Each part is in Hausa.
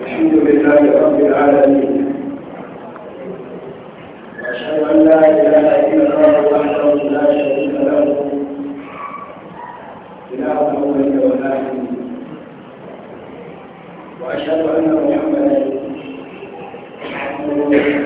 الحمد لله رب العالمين واشهد ان لا اله الا الله وحده لا شريك له اله الاولين والاخرين واشهد ان محمدا عبده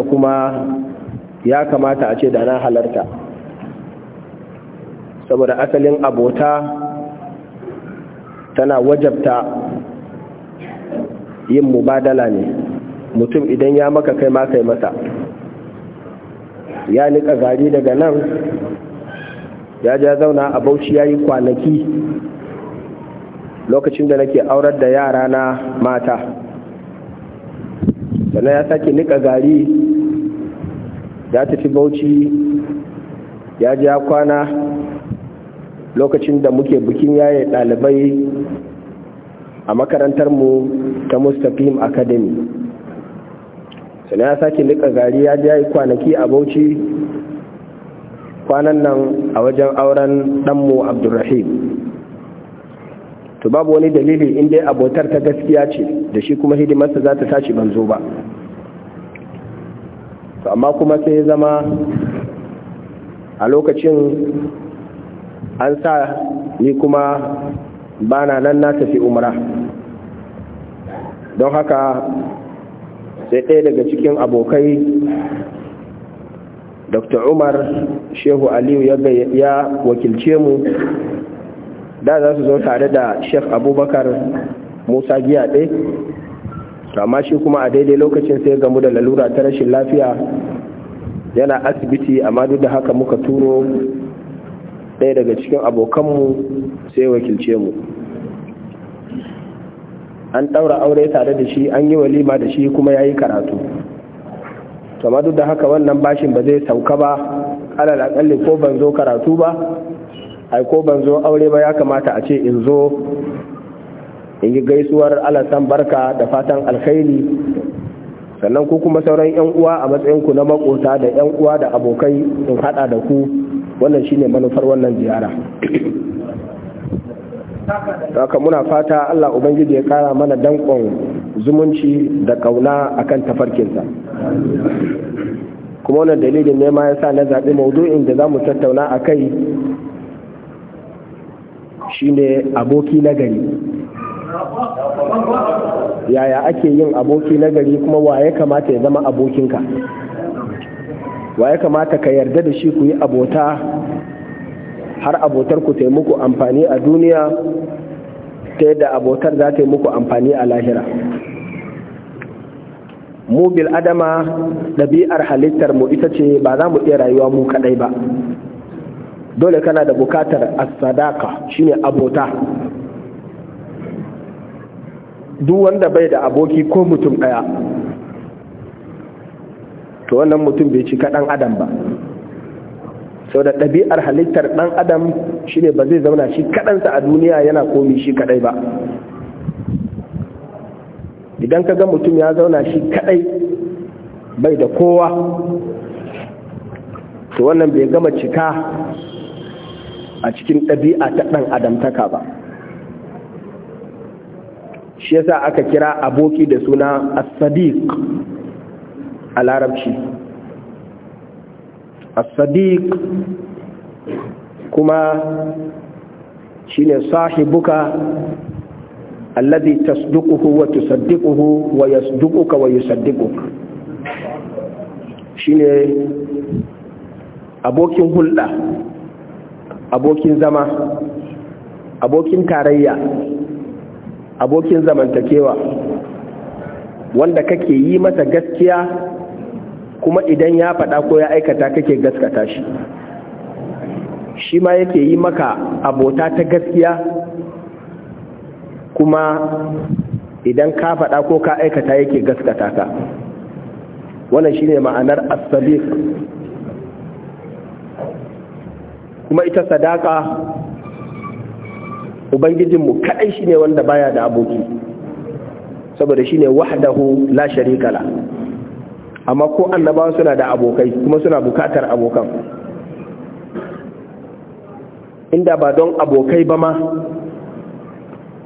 wanda kuma ya kamata a ce da na halarta saboda asalin abota tana wajabta yin mubadala ne mutum idan ya maka kai ma kai masa ya nika gari daga nan ya ja zauna a bauchi ya yi kwanaki lokacin da nake aurar da yara na mata sannan ya sake nika gari ya tafi bauchi ya ja kwana lokacin da muke bikin yaye dalibai a makarantarmu ta mustaqim academy sannan ya sake nika gari ya ja kwanaki a bauchi kwanan nan a wajen auren ɗanmu abdulrahim to babu wani dalili inda abotar ta gaskiya ce da shi kuma hidimarsa za ta tashi banzo ba to amma kuma sai ya zama a lokacin an sa ni kuma bana nan na tafi umra don haka sai ɗaya daga cikin abokai dr umar shehu aliyu ya wakilce mu da za su zo tare da shek abubakar musa giya giyaɗe amma shi kuma a daidai lokacin sai gamu da lalura ta rashin lafiya yana asibiti amma duk da haka muka turo ɗaya daga cikin abokanmu sai wakilce mu an ɗaura aure tare da shi an yi walima da shi kuma ya yi karatu amma duk da haka wannan bashin ba zai sauka ba alal akalli ko ban zo karatu ba ai ko ban zo aure ba ya kamata a ce in zo in yi gaisuwar alasan barka da fatan alkhairi sannan ku kuma sauran 'yan uwa a matsayinku na makota da 'yan uwa da abokai in hada da ku wannan shine manufar wannan ziyara haka muna fata Allah Ubangiji ya kara mana dankon zumunci da kauna akan tafarkinsa kuma wannan dalilin ne ma yasa na zaɓi maudu'in da za mu tattauna a kai shine aboki na gari yaya ake yin aboki na gari kuma waye ya kamata ya zama abokinka wa ya kamata ka yarda da shi ku yi abota har abotar ku taimako amfani a duniya ta yadda abotar za ta yi muku amfani a lahira mu bil adama ɗabi'ar halittar mu ita ce ba za mu iya rayuwa mu kaɗai ba dole kana da bukatar as-sadaka shine abota duk wanda bai da aboki ko mutum ɗaya to wannan mutum bai cika ɗan adam ba sau da ɗabi'ar halittar ɗan adam shine ba zai zauna shi kaɗansa a duniya yana komi shi kaɗai ba idan ka ga mutum ya zauna shi kaɗai bai da kowa to wannan bai gama cika a cikin ɗabi'a ta ɗan adamtaka ba shi yasa aka kira aboki da suna as-sadiq a larabci as-sadiq kuma shi ne sahibuka alladhi tasduquhu wa tusaddiquhu wa yasduquka wa yusaddiquka ne abokin hulɗa abokin zama abokin tarayya abokin zamantakewa wanda kake yi masa gaskiya kuma idan ya faɗa ko ya aikata kake gaskata shi shi ma yake yi maka abota ta gaskiya kuma idan ka faɗa ko ka aikata yake gaskata ka wannan shine ma'anar as kuma ita sadaka ubangijinmu shi shine wanda baya da aboki saboda shine wahadahu la sharika amma ko annabawa suna da abokai kuma suna bukatar abokan inda ba don abokai ba ma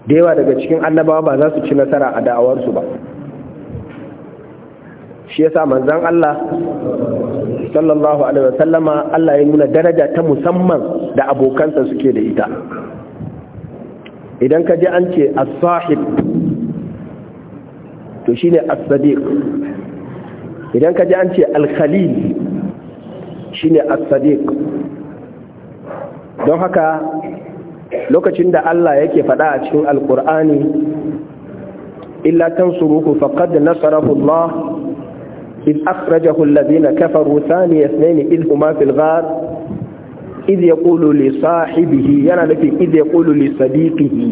da yawa daga cikin annabawa ba za su ci nasara a da'awarsu ba shi yasa manzan Allah sallallahu alaihi wasallama Allah ya nuna daraja ta musamman da abokansa suke da ita idan ka ji an ce as-sahib to shine as-sadiq idan ka ji an ce al-khalil shine as-sadiq don haka lokacin da Allah yake faɗa a cikin alkur'ani illa tansuruhu faqad nasarahu Allah إذ أخرجه الذين كفروا ثاني اثنين إذ هما في الغار idh yaqulu li sahibihi yana nufin idh yaqulu li sadiqihi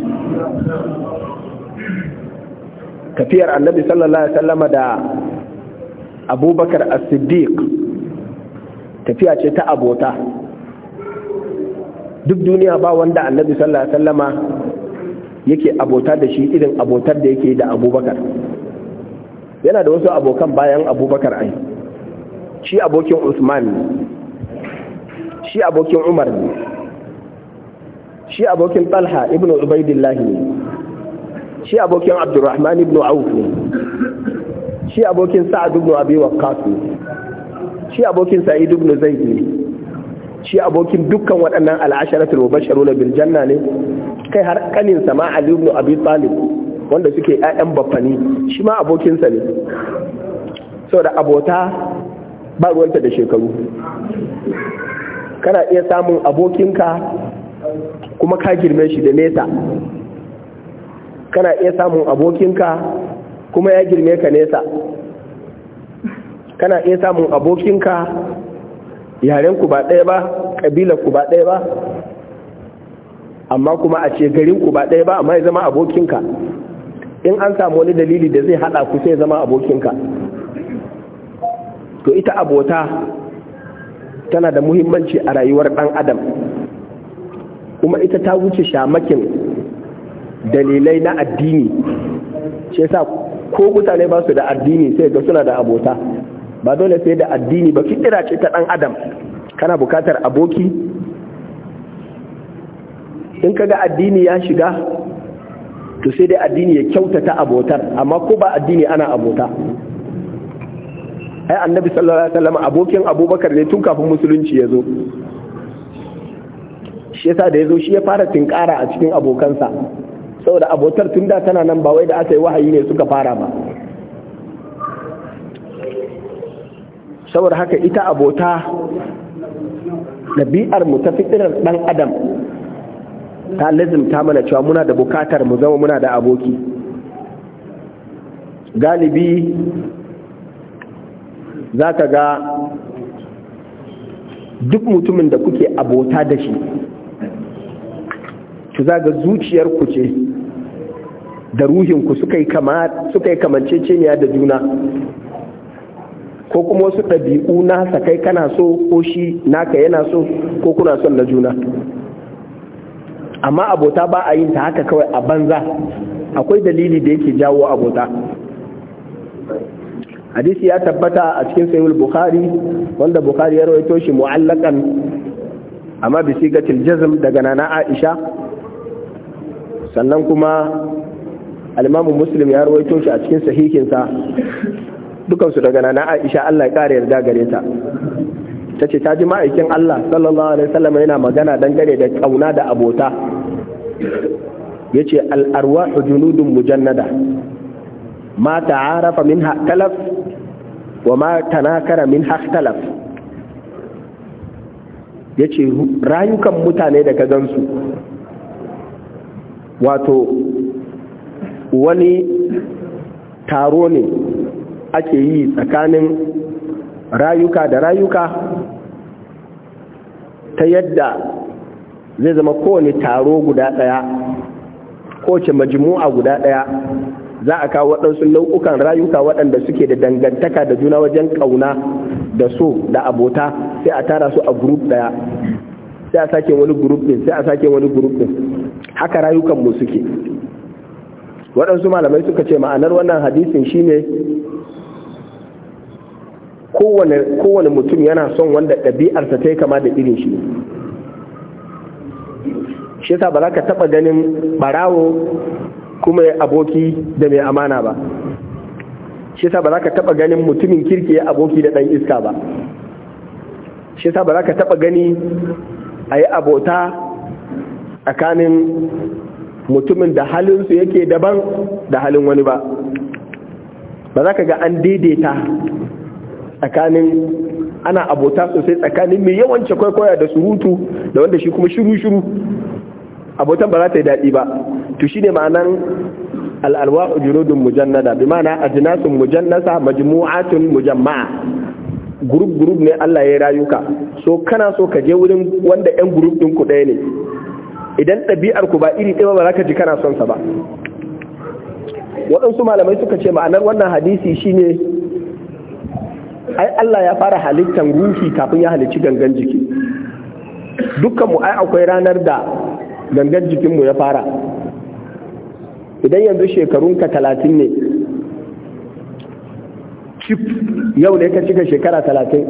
Kafiyar annabi sallallahu alaihi wasallam da abubakar as-siddiq tafiya ce ta abota duk duniya ba wanda annabi sallallahu alaihi wasallama yake abota da shi irin abotar da yake da abubakar yana da wasu abokan bayan abubakar ai shi abokin usman shi abokin umar ne shi abokin talha ibn ubaidillah ne shi abokin abdurrahman ibn auf ne shi abokin sa'ad ibn abi waqqas ne shi abokin sa'id ibn zaid ne shi abokin dukkan waɗannan al'asharatul mubashsharuna bil janna ne kai har kanin sama ali ibn abi talib wanda suke ƴaƴan baffani shi ma abokinsa ne saboda abota ba ruwanta da shekaru kana iya samun abokinka kuma ka girme shi da nesa kana iya samun abokinka kuma ya girme ka nesa kana iya samun abokinka yarenku ba ɗaya ba ku ba ɗaya ba amma kuma a ce ku ba ɗaya ba amma ya zama abokinka in an samu wani dalili da zai haɗa ku sai zama abokinka to ita abota tana da muhimmanci a rayuwar ɗan adam kuma ita ta wuce shamakin dalilai na addini ce sa ko mutane ba su da addini sai ga suna da abota ba dole sai da addini ba fitira ce ta ɗan adam kana bukatar aboki in ga addini ya shiga to sai dai addini ya kyautata abotar amma ko ba addini ana abota ai annabi sallallahu alaihi wasallam abokin abubakar ne tun kafin musulunci ya zo shi yasa da ya zo shi ya fara tinkara a cikin abokansa saboda abotar tun da tana nan ba wai da aka yi wahayi ne suka fara ba saboda haka ita abota nabi'ar mu ta fitirar ɗan adam ta lazimta mana cewa muna da bukatar mu zama muna da aboki galibi za ka ga duk mutumin da kuke abota da shi ku za ga zuciyar ku ce da ruhinku suka yi kamanceceniya da juna ko kuma wasu ɗabi'u na kai kana so ko shi naka yana so ko kuna son na juna amma abota ba a yin ta haka kawai a banza akwai dalili da yake jawo abota hadisi ya tabbata a cikin sahihul bukhari wanda bukhari ya rawaito shi mu'allakan amma bi sigatil jazm daga nana aisha sannan kuma al-imam muslim ya rawaito shi a cikin sahihinsa dukansu daga nana aisha Allah ya kare yarda gare ta ta ce ta ji ma'aikin Allah sallallahu alaihi wasallam yana magana dangane da kauna da abota yace al arwahu junudun mujannada ma ta'arafa minha talaf wa ma tanakara min Ya yace rayukan mutane da ka gansu wato wani taro ne ake yi tsakanin rayuka da rayuka ta yadda zai zama kowane taro guda daya ko ce majmu'a guda ɗaya. za a kawo waɗansu nau'ukan rayuka waɗanda suke da dangantaka da juna wajen ƙauna da so da abota sai a tara su a group ɗaya sai a sake wani group ɗin sai a sake wani group ɗin haka rayukan mu suke waɗansu malamai suka ce ma'anar wannan hadisin shine kowane mutum yana son wanda ɗabi'arsa ta yi kama da irin shi shi ba za ka taɓa ganin ɓarawo kuma aboki da mai amana ba shi yasa ba za ka taba ganin mutumin kirki ya aboki da ɗan iska ba shi yasa ba za ka taba gani a yi abota tsakanin mutumin da halinsu yake daban da halin wani ba ba za ka ga an daidaita tsakanin ana abota sosai tsakanin mai yawanci kwaikwaya da surutu da wanda shi kuma shiru-shiru abotan ba za ta yi daɗi ba to shine ma'anan al-arwah junudun mujannada bi ma'ana ajnasun mujannasa majmu'atun mujamma'a group group ne Allah ya rayuka so kana so ka je wurin wanda yan group din ku ɗaya ne idan ɗabi'ar ku ba iri ɗaya ba za ka ji kana son sa ba waɗansu malamai suka ce ma'anar wannan hadisi shine ai Allah ya fara halittar ruhi kafin ya halicci gangan jiki dukkan mu ai akwai ranar da gangan jikinmu ya fara idan yanzu shekarunka talatin ne cip yau ne ka cika shekara talatin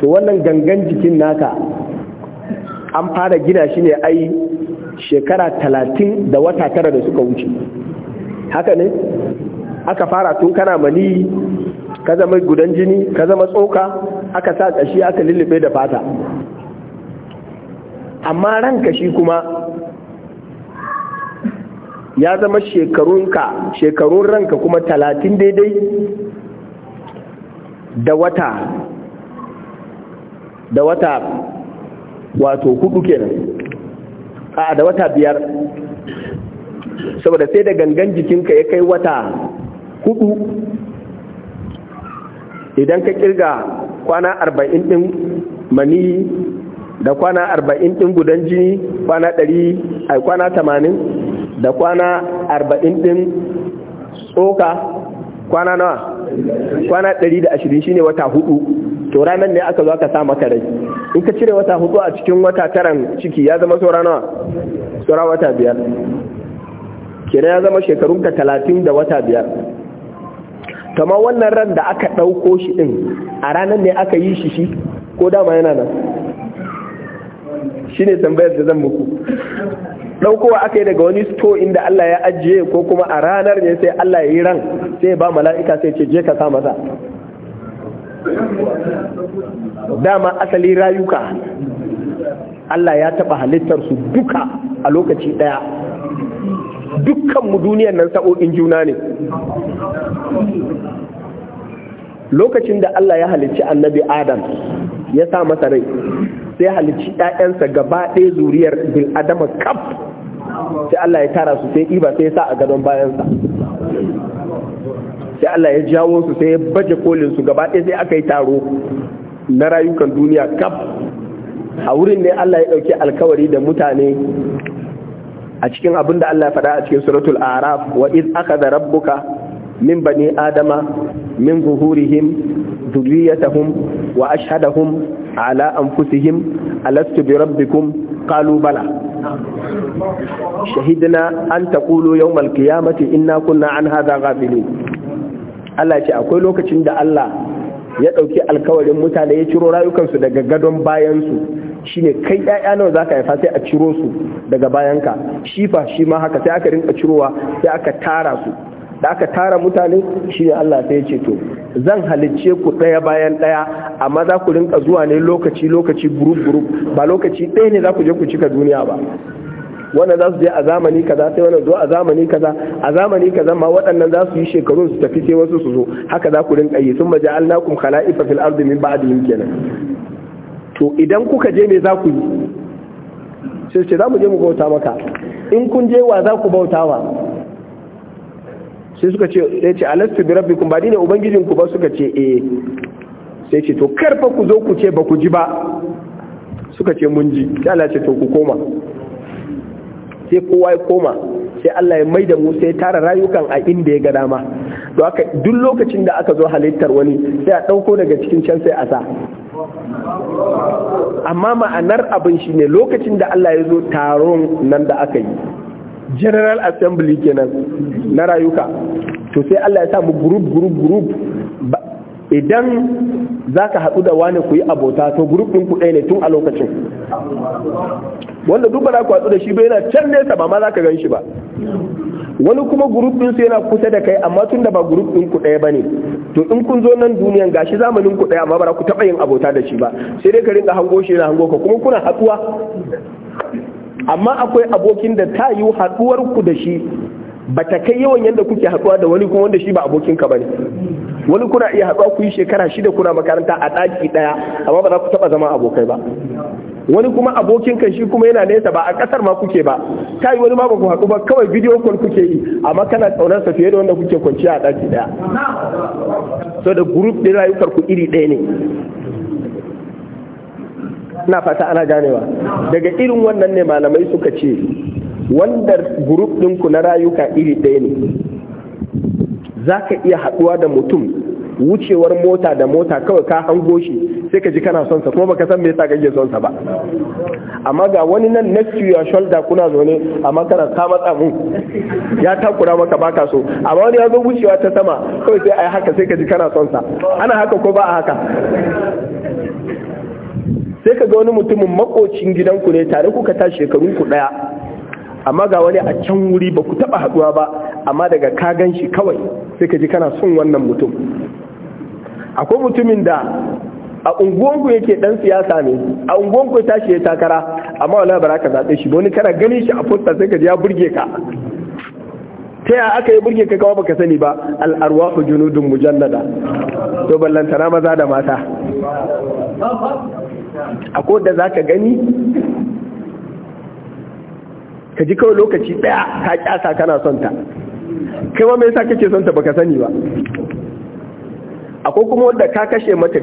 to wannan gangan jikin naka an fara gina shi ne ai shekara talatin da wata tara da suka wuce haka ne aka fara tun kana mani ka zama gudan jini ka zama tsoka aka sa ƙashi aka lullube da fata amma ranka shi kuma ya zama shekarunka shekarun ranka kuma talatin daidai da wata da wata wato hudu kenan a da wata biyar saboda sai da gangan jikinka ya kai wata hudu idan ka kirga kwana arba'in din mani da kwana arba'in din gudan jini kwana ɗari a kwana tamanin da kwana arba'in ɗin tsoka kwana nawa kwana ɗari da ashirin shine wata hudu to ranar ne aka zo aka sa maka rai in ka cire wata hudu a cikin wata taran ciki ya zama saura nawa saura wata biyar Kira ya zama shekarun ka talatin da wata biyar kama wannan ran da aka ɗauko shi ɗin a ranar ne aka yi shi shi ko dama yana nan shi ne tambayar da zan muku ɗaukowa aka yi daga wani sto inda Allah ya ajiye ko kuma a ranar ne sai Allah ya yi ran sai ba mala'ika sai ce je ka sa masa dama asali rayuka Allah ya taɓa halittarsu duka a lokaci ɗaya dukkanmu duniyar nan sa'o'in juna ne lokacin da Allah ya halicci annabi Adam ya sa masa rai sai halicci ‘ya'yansa gaba ɗaya zuriyar bil'adama kaf sai Allah ya tara su sai ɗiba sai ya sa a gadon bayansa sai Allah ya jawo su sai ya baje kolin su gaba ɗaya sai aka yi taro na rayukan duniya kaf a wurin ne Allah ya ɗauki alkawari da mutane a cikin abin da Allah ya faɗa a cikin suratul araf wa iz akhadha rabbuka min bani adama min zuhurihim dhurriyyatahum wa ashhadahum ala anfusihim alastu bi rabbikum qalu bala shahidina an yau malkiya mace ina kunna an haza ghafilin Allah ce akwai lokacin da Allah ya ɗauki alkawarin mutane ya ciro rayukansu daga gadon bayansu shi ne kai ɗaya nawa ka haifa sai a ciro su daga bayanka shifa fa shi ma haka sai aka rinka cirowa sai aka tara su da aka tara mutane shi ne Allah sai ce to zan halicce ku ɗaya bayan ɗaya amma za ku rinka zuwa ne lokaci lokaci group group ba lokaci ɗaya ne za ku je ku cika duniya ba wannan za su je a zamani kaza sai wannan zo a zamani kaza a zamani kaza ma waɗannan za su yi shekaru su tafi sai wasu su zo haka za ku rinka yi sun maja alnakum khala'ifa fil ardi min ba'dihim kenan to idan kuka je me za ku yi sai ce za mu je mu bauta maka in kun je wa za ku bautawa sai suka ce ya eh, ce alastu bi rabbikum ba dine ubangijinku ba suka ce eh sai ce to karfa ku zo ku ce ba ku ji ba suka ce mun ji sai Allah ce to ku koma sai kowa ya koma sai Allah ya mai da mu sai tara rayukan a inda ya ga dama don haka duk lokacin da aka zo halittar wani sai a ɗauko daga cikin can sai a sa amma ma'anar abin shi ne lokacin da Allah ya zo taron nan da aka yi general assembly kenan na rayuka to sai Allah ya samu group group group idan za ka haɗu da wani ku yi abota to group ɗin ku ɗaya ne tun a lokacin wanda duk ba ku haɗu da shi ba yana can nesa ba ma za ka gan shi ba wani kuma group su yana kusa da kai amma tun da ba group ɗin ku ɗaya ba ne to in kun zo nan duniyan gashi zamanin ku ɗaya amma ba ku taɓa yin abota da shi ba sai dai ka rinka hango shi yana hango ka kuma kuna haɗuwa amma akwai abokin da ta yi haɗuwar ku da shi ba ta kai yawan yadda kuke haɗuwa da wani kuma wanda shi ba abokin ka bane wani kuna iya haɗuwa ku yi shekara shida kuna makaranta a ɗaki ɗaya amma ba za ku taɓa zama abokai ba wani kuma abokin kan shi kuma yana nesa ba a ƙasar ma kuke ba ta yi wani ma ba ku haɗu ba kawai bidiyo call kuke yi amma kana tsaunar sa fiye da wanda kuke kwanciya a ɗaki ɗaya so da group ɗin rayukar ku iri ɗaya ne na fata ana ganewa daga irin wannan ne malamai suka ce wanda group ku na rayuka iri ɗaya ne za ka iya haɗuwa da mutum wucewar mota da mota kawai ka hango shi sai ka ji kana son sa kuma baka san me yasa kake son sa ba amma ga wani nan next to your shoulder kuna zaune amma kana ta matsa mu ya takura maka baka so amma wani ya zo wucewa ta sama kawai sai ai haka sai ka ji kana son sa ana haka ko ba a haka sai ka ga wani mutumin makocin gidanku ne tare kuka ta shekarun ku daya amma ga wani a can wuri ba ku taba haduwa ba amma daga ka gan shi kawai sai ka ji kana son wannan mutum akwai mutumin da a unguwanku yake dan siyasa ne a unguwanku ya shi ya takara amma wala ba ka zaɓe shi wani kana ganin shi a fusta sai ka ji ya burge ka ta yaya aka yi burge ka kawo baka sani ba al'arwahu junudun mujallada to ballantana maza da mata a da za ka gani ka ji kawai lokaci ɗaya ka ƙyasa kana son ta kai ma mai sa kake son ta baka sani ba akwai kuma wanda ka kashe mata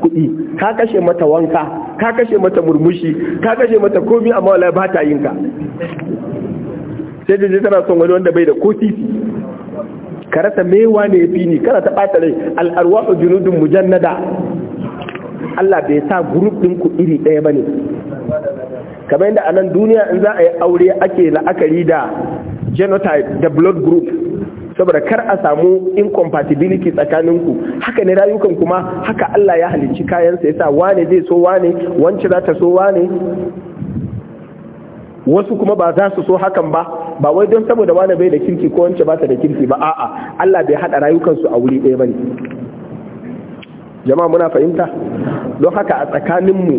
kuɗi ka kashe mata wanka ka kashe mata murmushi ka kashe mata komi amma wallahi ba ta yinka sai da tana son wani wanda bai da ko titi ka rasa mewa ne ya fi ni kana ta ɓata rai a junudun mujannada Allah bai sa group din ku iri ɗaya bane kamar yadda a nan duniya in za a yi aure ake la'akari da genotype da blood group saboda kar a samu incompatibility tsakaninku haka ne rayukan kuma haka Allah ya halicci kayansa yasa wane zai so wane wance za so wane wasu kuma ba za su so hakan ba ba wai don saboda wane bai da kirki ko wance ba ta da kirki ba a'a Allah bai hada rayukansu a wuri ɗaya bane jama'a muna fahimta don haka a tsakaninmu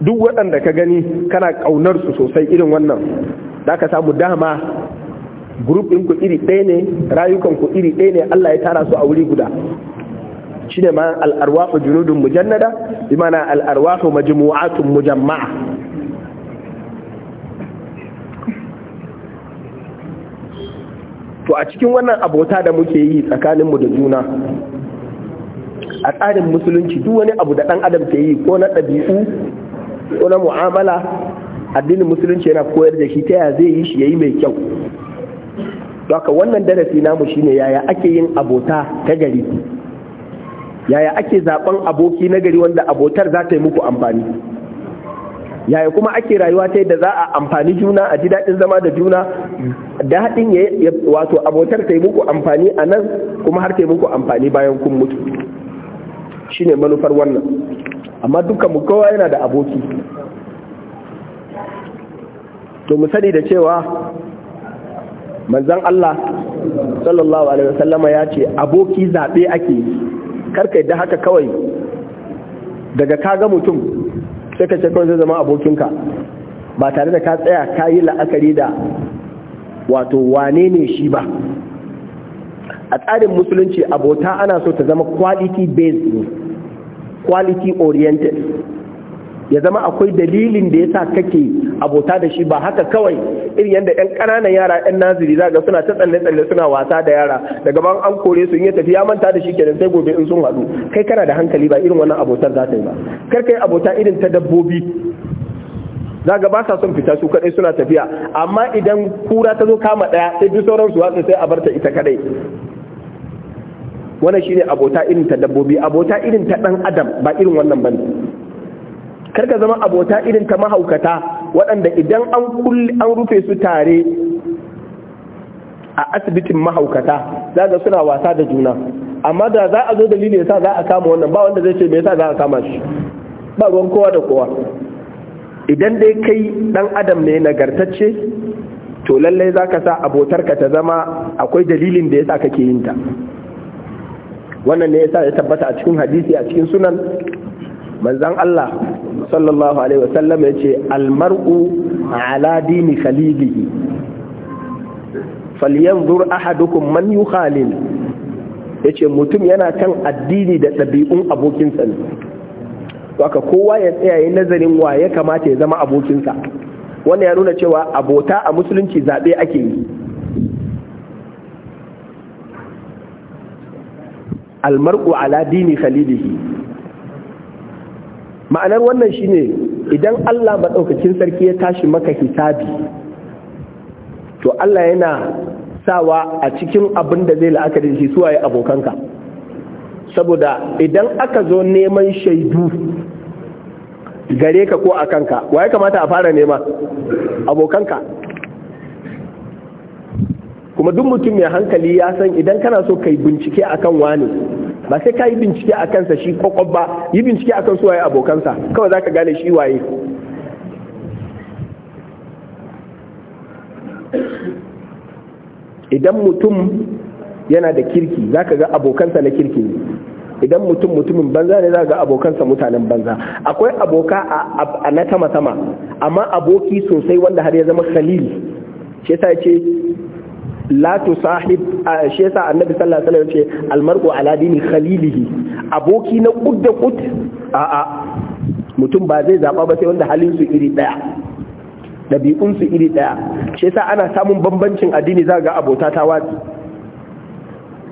duk waɗanda ka gani kana ƙaunar su sosai irin wannan da ka samu dama grup ɗinku iri ɗaya ne rayukanku iri ɗaya ne Allah ya tara su a wuri guda shine ma al'arwahu junudun mujannada bi mana majmu'atun mujamma'a to a cikin wannan abota da muke yi tsakaninmu da juna a tsarin musulunci duk wani abu da ɗan adam ke yi ko na ɗabi'u ko na mu'amala addinin musulunci yana koyar da shi ta yaya zai yi shi yayi mai kyau haka wannan darasi namu shine yaya ake yin abota ta gari yaya ake zaben aboki na gari wanda abotar za ta yi muku amfani yaya kuma ake rayuwa ta yadda za a amfani juna a ji daɗin zama da juna da haɗin ya wato abotar ta yi muku amfani a nan kuma har ta yi muku amfani bayan kun mutu Shi ne manufar wannan amma dukkan mu kowa yana da aboki to mu sani da cewa manzon Allah sallallahu alaihi wasallama ya ce aboki zaɓe ake karka da haka kawai daga ka ga mutum sai ka ce kawai zai zama abokinka ba tare da ka tsaya ka yi la'akari da wato wane ne shi ba a tsarin musulunci abota ana so ta zama quality based ne quality oriented ya zama akwai dalilin da ya sa kake abota da shi ba haka kawai irin yadda yan ƙananan yara yan naziri za ga suna ta tsalle tsalle suna wasa da yara daga ban an kore su in ya tafi ya manta da shi kenan sai gobe in sun haɗu kai kana da hankali ba irin wannan abotar za ta yi ba kar kai abota irin ta dabbobi za ga ba sa son fita su kadai suna tafiya amma idan kura ta zo kama ɗaya sai duk sauran su watsa sai a barta ita kadai wannan shine abota irin ta dabbobi abota irin ta dan adam ba irin wannan bane karka zama abota irin ta mahaukata waɗanda idan an rufe su tare a asibitin mahaukata zaga suna wasa da juna amma da za a zo dalili yasa za a kama wannan ba wanda zai ce me yasa za a kama shi ba ruwan kowa da kowa idan dai kai ɗan adam ne nagartacce to lallai za ka sa abotarka ta zama akwai dalilin da yasa kake yin ta wannan ne yasa ya tabbata a cikin hadisi a cikin sunan manzan Allah sallallahu alaihi wasallam ya ce almar'u ala dini khalilihi falyanzur ahadukum man yukhalil yace mutum yana kan addini da ɗabi'un abokinsa ne kowa ya tsaya nazarin wa ya kamata ya zama abokinsa wanda ya nuna cewa abota a musulunci zaɓe ake yi almar'u ala dini khalilihi ma'anar wannan shine idan Allah maɗaukacin sarki ya tashi maka hisabi to Allah yana sawa a cikin abin da zai la'akari shi ya abokanka saboda idan aka zo neman shaidu gare ka ko a kanka wa kamata a fara nema abokanka kuma duk mutum mai hankali ya san idan kana so kai bincike akan wani ba sai ka yi bincike a kansa shi kwakwab ba yi bincike a kan suwaye abokansa kawai za ka gane shi waye idan mutum yana da kirki za ka ga abokansa na kirki ne idan mutum mutumin banza ne za ga abokansa mutanen banza akwai aboka a na tama sama amma aboki sosai wanda har ya zama khalil shi yasa ce la sahib shi yasa annabi sallallahu alaihi wasallam ce almar'u ala dini khalilihi aboki na kudda kut? a a mutum ba zai zaba ba sai wanda halin su iri daya dabi'un su iri daya shi yasa ana samun bambancin addini za ga abota ta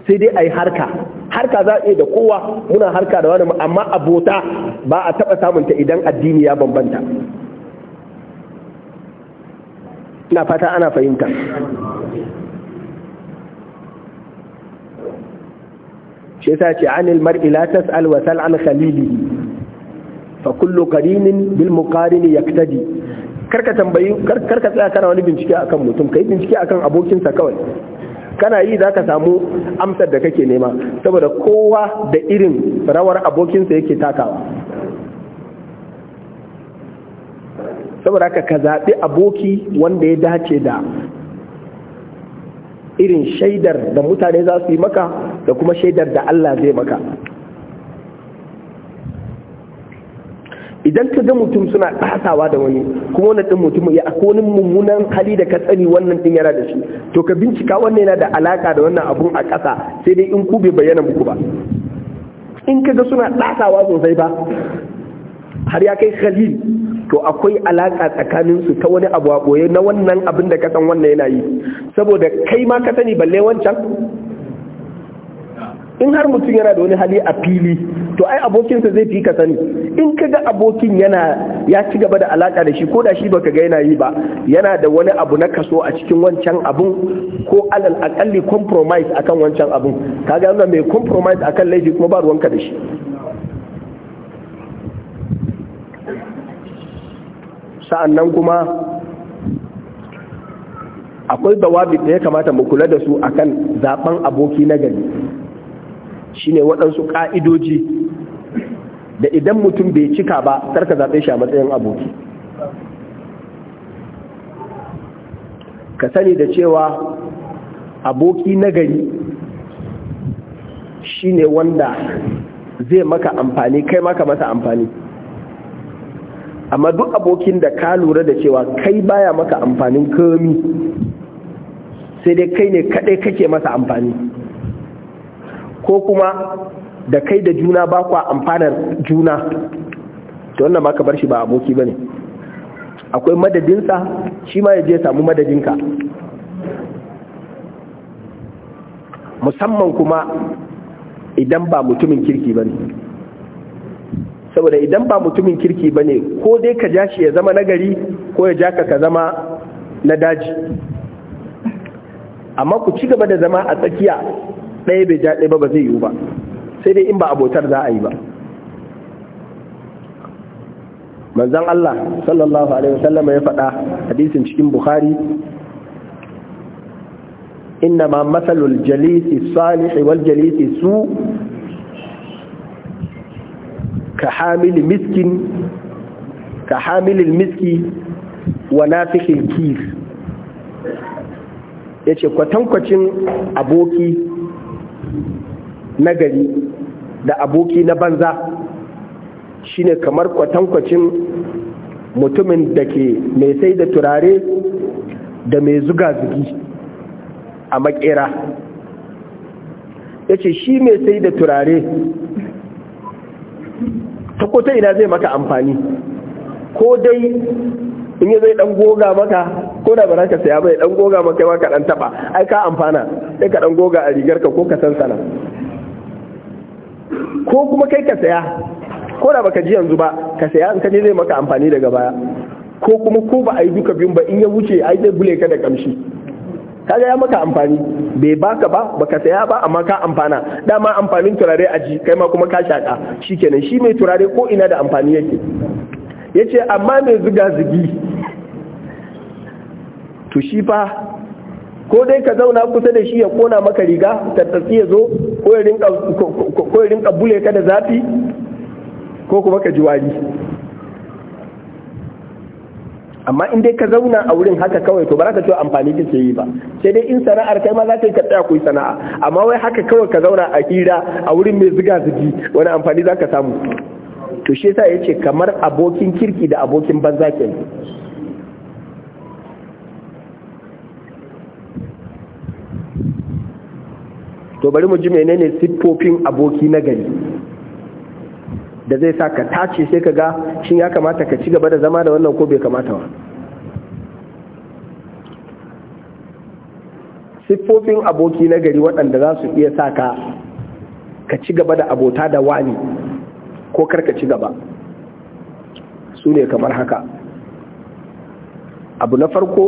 sai dai ai harka harka za a iya da kowa muna harka da wani amma abota ba a taba samunta idan addini ya bambanta ina fata ana fahimta shi yasa ce anil mar'i la tas'al wa sal an khalilihi fa kullu qarinin bil muqarini yaktadi karka tambayi karka tsaya kana wani bincike akan mutum kai bincike akan abokinsa kawai kana yi za ka samu amsar da kake nema saboda kowa da irin rawar abokinsa yake takawa saboda haka ka zaɓi aboki wanda ya dace da irin shaidar da mutane za su yi maka da kuma shaidar da Allah zai maka idan ka ga mutum suna ɗasawa da wani kuma wani ɗin mutum ya akwai mummunan hali da ka tsani wannan ɗin yana da shi to ka bincika wannan yana da alaka da wannan abun a ƙasa sai dai in ku bai bayyana muku ba in ka ga suna ɗasawa sosai ba har ya kai khalil to akwai alaka tsakanin su ta wani abu a ɓoye na wannan abin da ka san wannan yana yi saboda kai ma ka sani balle wancan in har mutum yana da wani hali a fili to ai abokinsa zai fi ka sani in ka ga abokin yana ya ci gaba da alaka da shi ko da shi baka ga yana yi ba yana da wani abu na kaso a cikin wancan abun ko alal akalli compromise akan wancan abun kaga wannan mai compromise akan laifi kuma ba ruwanka da shi sa'annan kuma akwai dawabi da ya kamata mu kula da su akan zaben aboki na gari shine waɗansu ƙa'idoji da idan mutum bai cika ba tarka zaɓe shi a matsayin aboki ka sani da cewa aboki nagari shine wanda zai maka amfani kai maka masa amfani amma duk abokin da ka lura da cewa kai baya maka amfanin kami sai dai kai ne kaɗai kake masa amfani ko kuma da kai da juna ba kwa amfanar juna to wannan ma bar shi ba aboki ba ne. akwai madadinsa shi ma ya je samu madadinka musamman kuma idan ba mutumin kirki ba ne saboda idan ba mutumin kirki ba ne ko dai ka ja shi ya zama nagari ko ya ja ka ka zama na daji amma ku ci gaba da zama a tsakiya ɗaya bai ja ɗaya ba ba zai yiwu ba sai dai in ba abotar za a yi ba manzan Allah sallallahu alaihi wasallam ya faɗa hadisin cikin Bukhari inna ma masalul jalisi salih wal jalisi su ka miskin ka miski wa nafikhil kif yace kwatankwacin aboki nagari da aboki na banza shine kamar kwatankwacin mutumin da ke mai sai da turare da mai zuga zugi a makera ya ce shi mai sai da turare ta kota ina zai maka amfani ko dai in yi zai dan goga maka ko da ba ka saya bai dan goga maka ma ka dan taba ai ka amfana sai ka dan goga a rigarka ko ka san sana ko kuma kai ka saya ko da baka ji yanzu ba ka saya in ka je zai maka amfani daga baya ko kuma ko ba a yi duka biyun ba in ya wuce ai zai gule ka da kamshi kaga ya maka amfani bai baka ba baka saya ba amma ka amfana dama amfanin turare a ji kai ma kuma ka shaka shikenan shi mai turare ko ina da amfani yake yace amma mai zuga zugi to shi fa ko dai ka zauna kusa da shi ya kona maka riga tattasi ya zo ko ya rinka bule ka da zafi ko kuma ka ji wari amma in dai ka zauna a wurin haka kawai to ba za ka ce amfani ke yi ba sai dai in sana'ar kai ma za ka yi ka tsaya ku sana'a amma wai haka kawai ka zauna a hira a wurin mai ziga zigi wani amfani za ka samu to shi yasa yace kamar abokin kirki da abokin banza kenan to bari mu ji menene siffofin aboki na gari da zai sa ka tace sai ka ga shin ya kamata ka ci gaba da zama da wannan ko bai kamata ba siffofin aboki na gari waɗanda za su iya sa ka ka ci gaba da abota da wani ko karka ci gaba su ne kamar haka abu na farko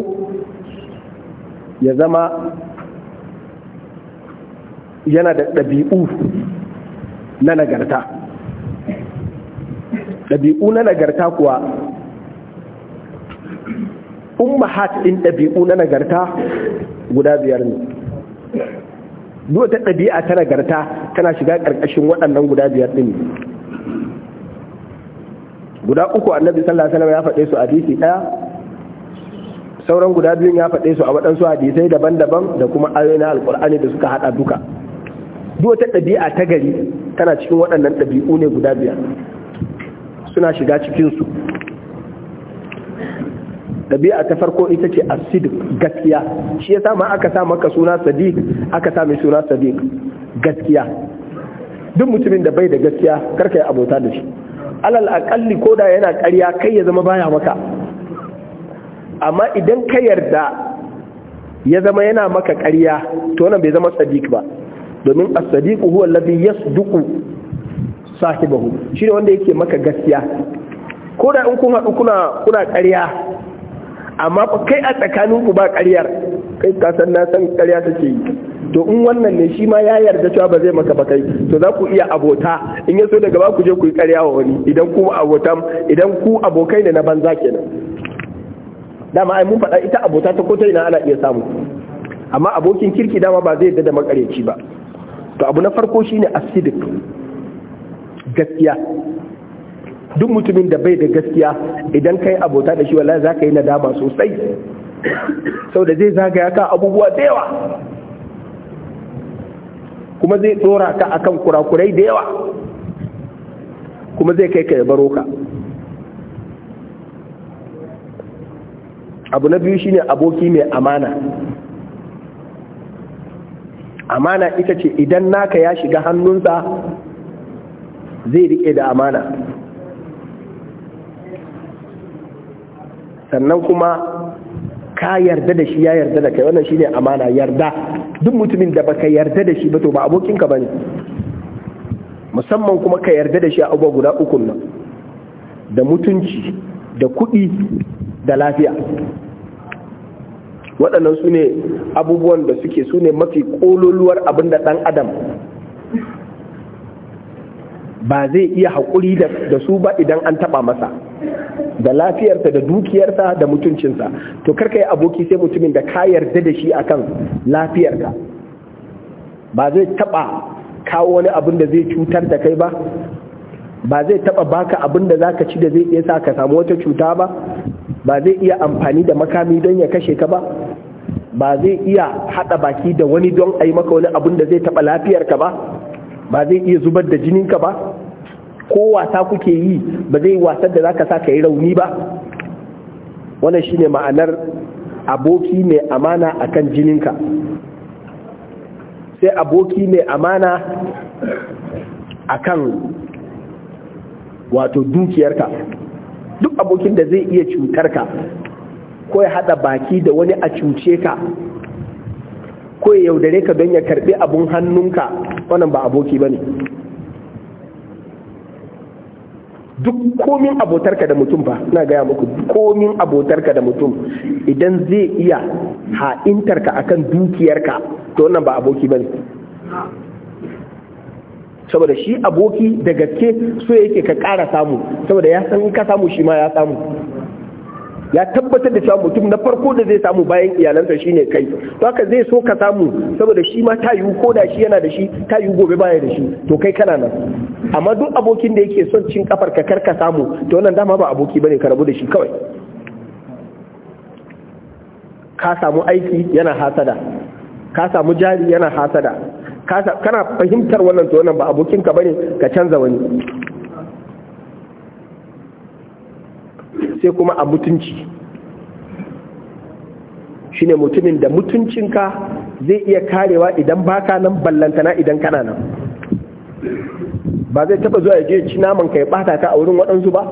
ya zama yana da ɗabi'u na nagarta ɗabi'u na nagarta kuwa umma ɗin ɗabi'u na nagarta guda biyar ne duk ta ɗabi'a ta nagarta tana shiga ƙarƙashin waɗannan guda biyar ɗin guda uku annabi sallallahu alaihi wasallam ya faɗe su a bisi ɗaya sauran guda biyun ya faɗe su a waɗansu hadisai daban-daban da kuma ayoyi na alƙur'ani da suka haɗa duka duk wata ɗabi'a ta gari tana cikin waɗannan ɗabi'u ne guda biyar suna shiga cikinsu ɗabi'a ta farko ita ce asid gaskiya shi ya sama aka sa maka suna sadiq aka sa mai suna sadiq gaskiya duk mutumin da bai da gaskiya karka yi abota da shi alal akalli ko da yana ƙarya kai ya zama baya maka amma idan ka yarda ya zama yana maka karya, to wannan bai zama sadiq ba domin as-sadiqu huwa alladhi yasduqu sahibahu ne wanda yake maka gaskiya ko da in kun haɗu kuna kuna ƙarya amma kai a tsakanin ku ba ƙaryar kai ka san na san ƙarya take yi to in wannan ne shi ma ya yarda cewa ba zai maka ba kai to za ku iya abota in ya so daga ba ku je ku yi ƙarya wa wani idan ku abota idan ku abokai ne na banza kenan dama ai mun faɗa ita abota ta ko ta ina ana iya samu amma abokin kirki dama ba zai yarda da makareci ba to abu na farko shine asidik gaskiya duk mutumin da bai da gaskiya idan kai abota da shi wallahi zaka yi nadama sosai Sau da zai zagaya ka abubuwa da yawa kuma zai tsora ka akan kurakurai da yawa kuma zai kai ka ya baro ka abu na biyu shine aboki mai amana amana ita ce idan naka ya shiga hannunsa zai rike da amana sannan kuma ka yarda da shi ya yarda da kai wannan shine amana yarda duk mutumin da baka yarda da shi ba to ba abokinka bane musamman kuma ka yarda da shi a abubuwa guda ukun nan da mutunci da kuɗi da lafiya waɗannan su ne abubuwan da suke su ne mafi ƙololuwar abin da ɗan adam ba zai iya haƙuri da su ba idan an taɓa masa da lafiyarsa da dukiyarsa da mutuncinsa to karka yi aboki sai mutumin da ka yarda da shi akan lafiyarka ba zai taɓa kawo wani abin da zai cutar da kai ba ba zai taba baka abin da zaka ci da zai iya sa ka samu wata cuta ba ba zai iya amfani da makami don ya kashe ka ba ba zai iya hada baki da wani don a yi maka wani abin da zai taba ka ba ba zai iya zubar da jinin ka ba ko wasa kuke yi ba zai wasan da zaka sa ka yi rauni ba wannan shine ma'anar aboki mai amana akan jininka sai aboki mai amana akan wato dukiyarka duk abokin da zai iya cutarka ka ko ya hada baki da wani a cuce ka ko ya yaudare ka don ya karbi abun hannunka wannan ba aboki ba ne duk komin abotarka da mutum ba na gaya muku komin abotarka da mutum idan zai iya ha'intarka akan dukiyarka to wannan ba aboki ba ne saboda shi aboki da gaske so yake ka ƙara samu saboda ya san ka samu shi ma ya samu ya tabbatar da cewa mutum na farko da zai samu bayan iyalansa shine kai to haka zai so ka samu saboda shi ma ta yiwu ko da shi yana da shi ta yiwu gobe baya da shi to kai kana nan amma duk abokin da yake son cin kafar ka karka samu to wannan dama ba aboki bane ka rabu da shi kawai ka samu aiki yana hasada ka samu jari yana hasada kana fahimtar wannan to wannan ba abokinka bane ka canza wani sai kuma a mutunci shine mutumin da mutuncinka zai iya karewa idan baka nan ballantana idan kana nan ba zai taba zuwa ya je ci naman ka ya bata ka a wurin waɗansu ba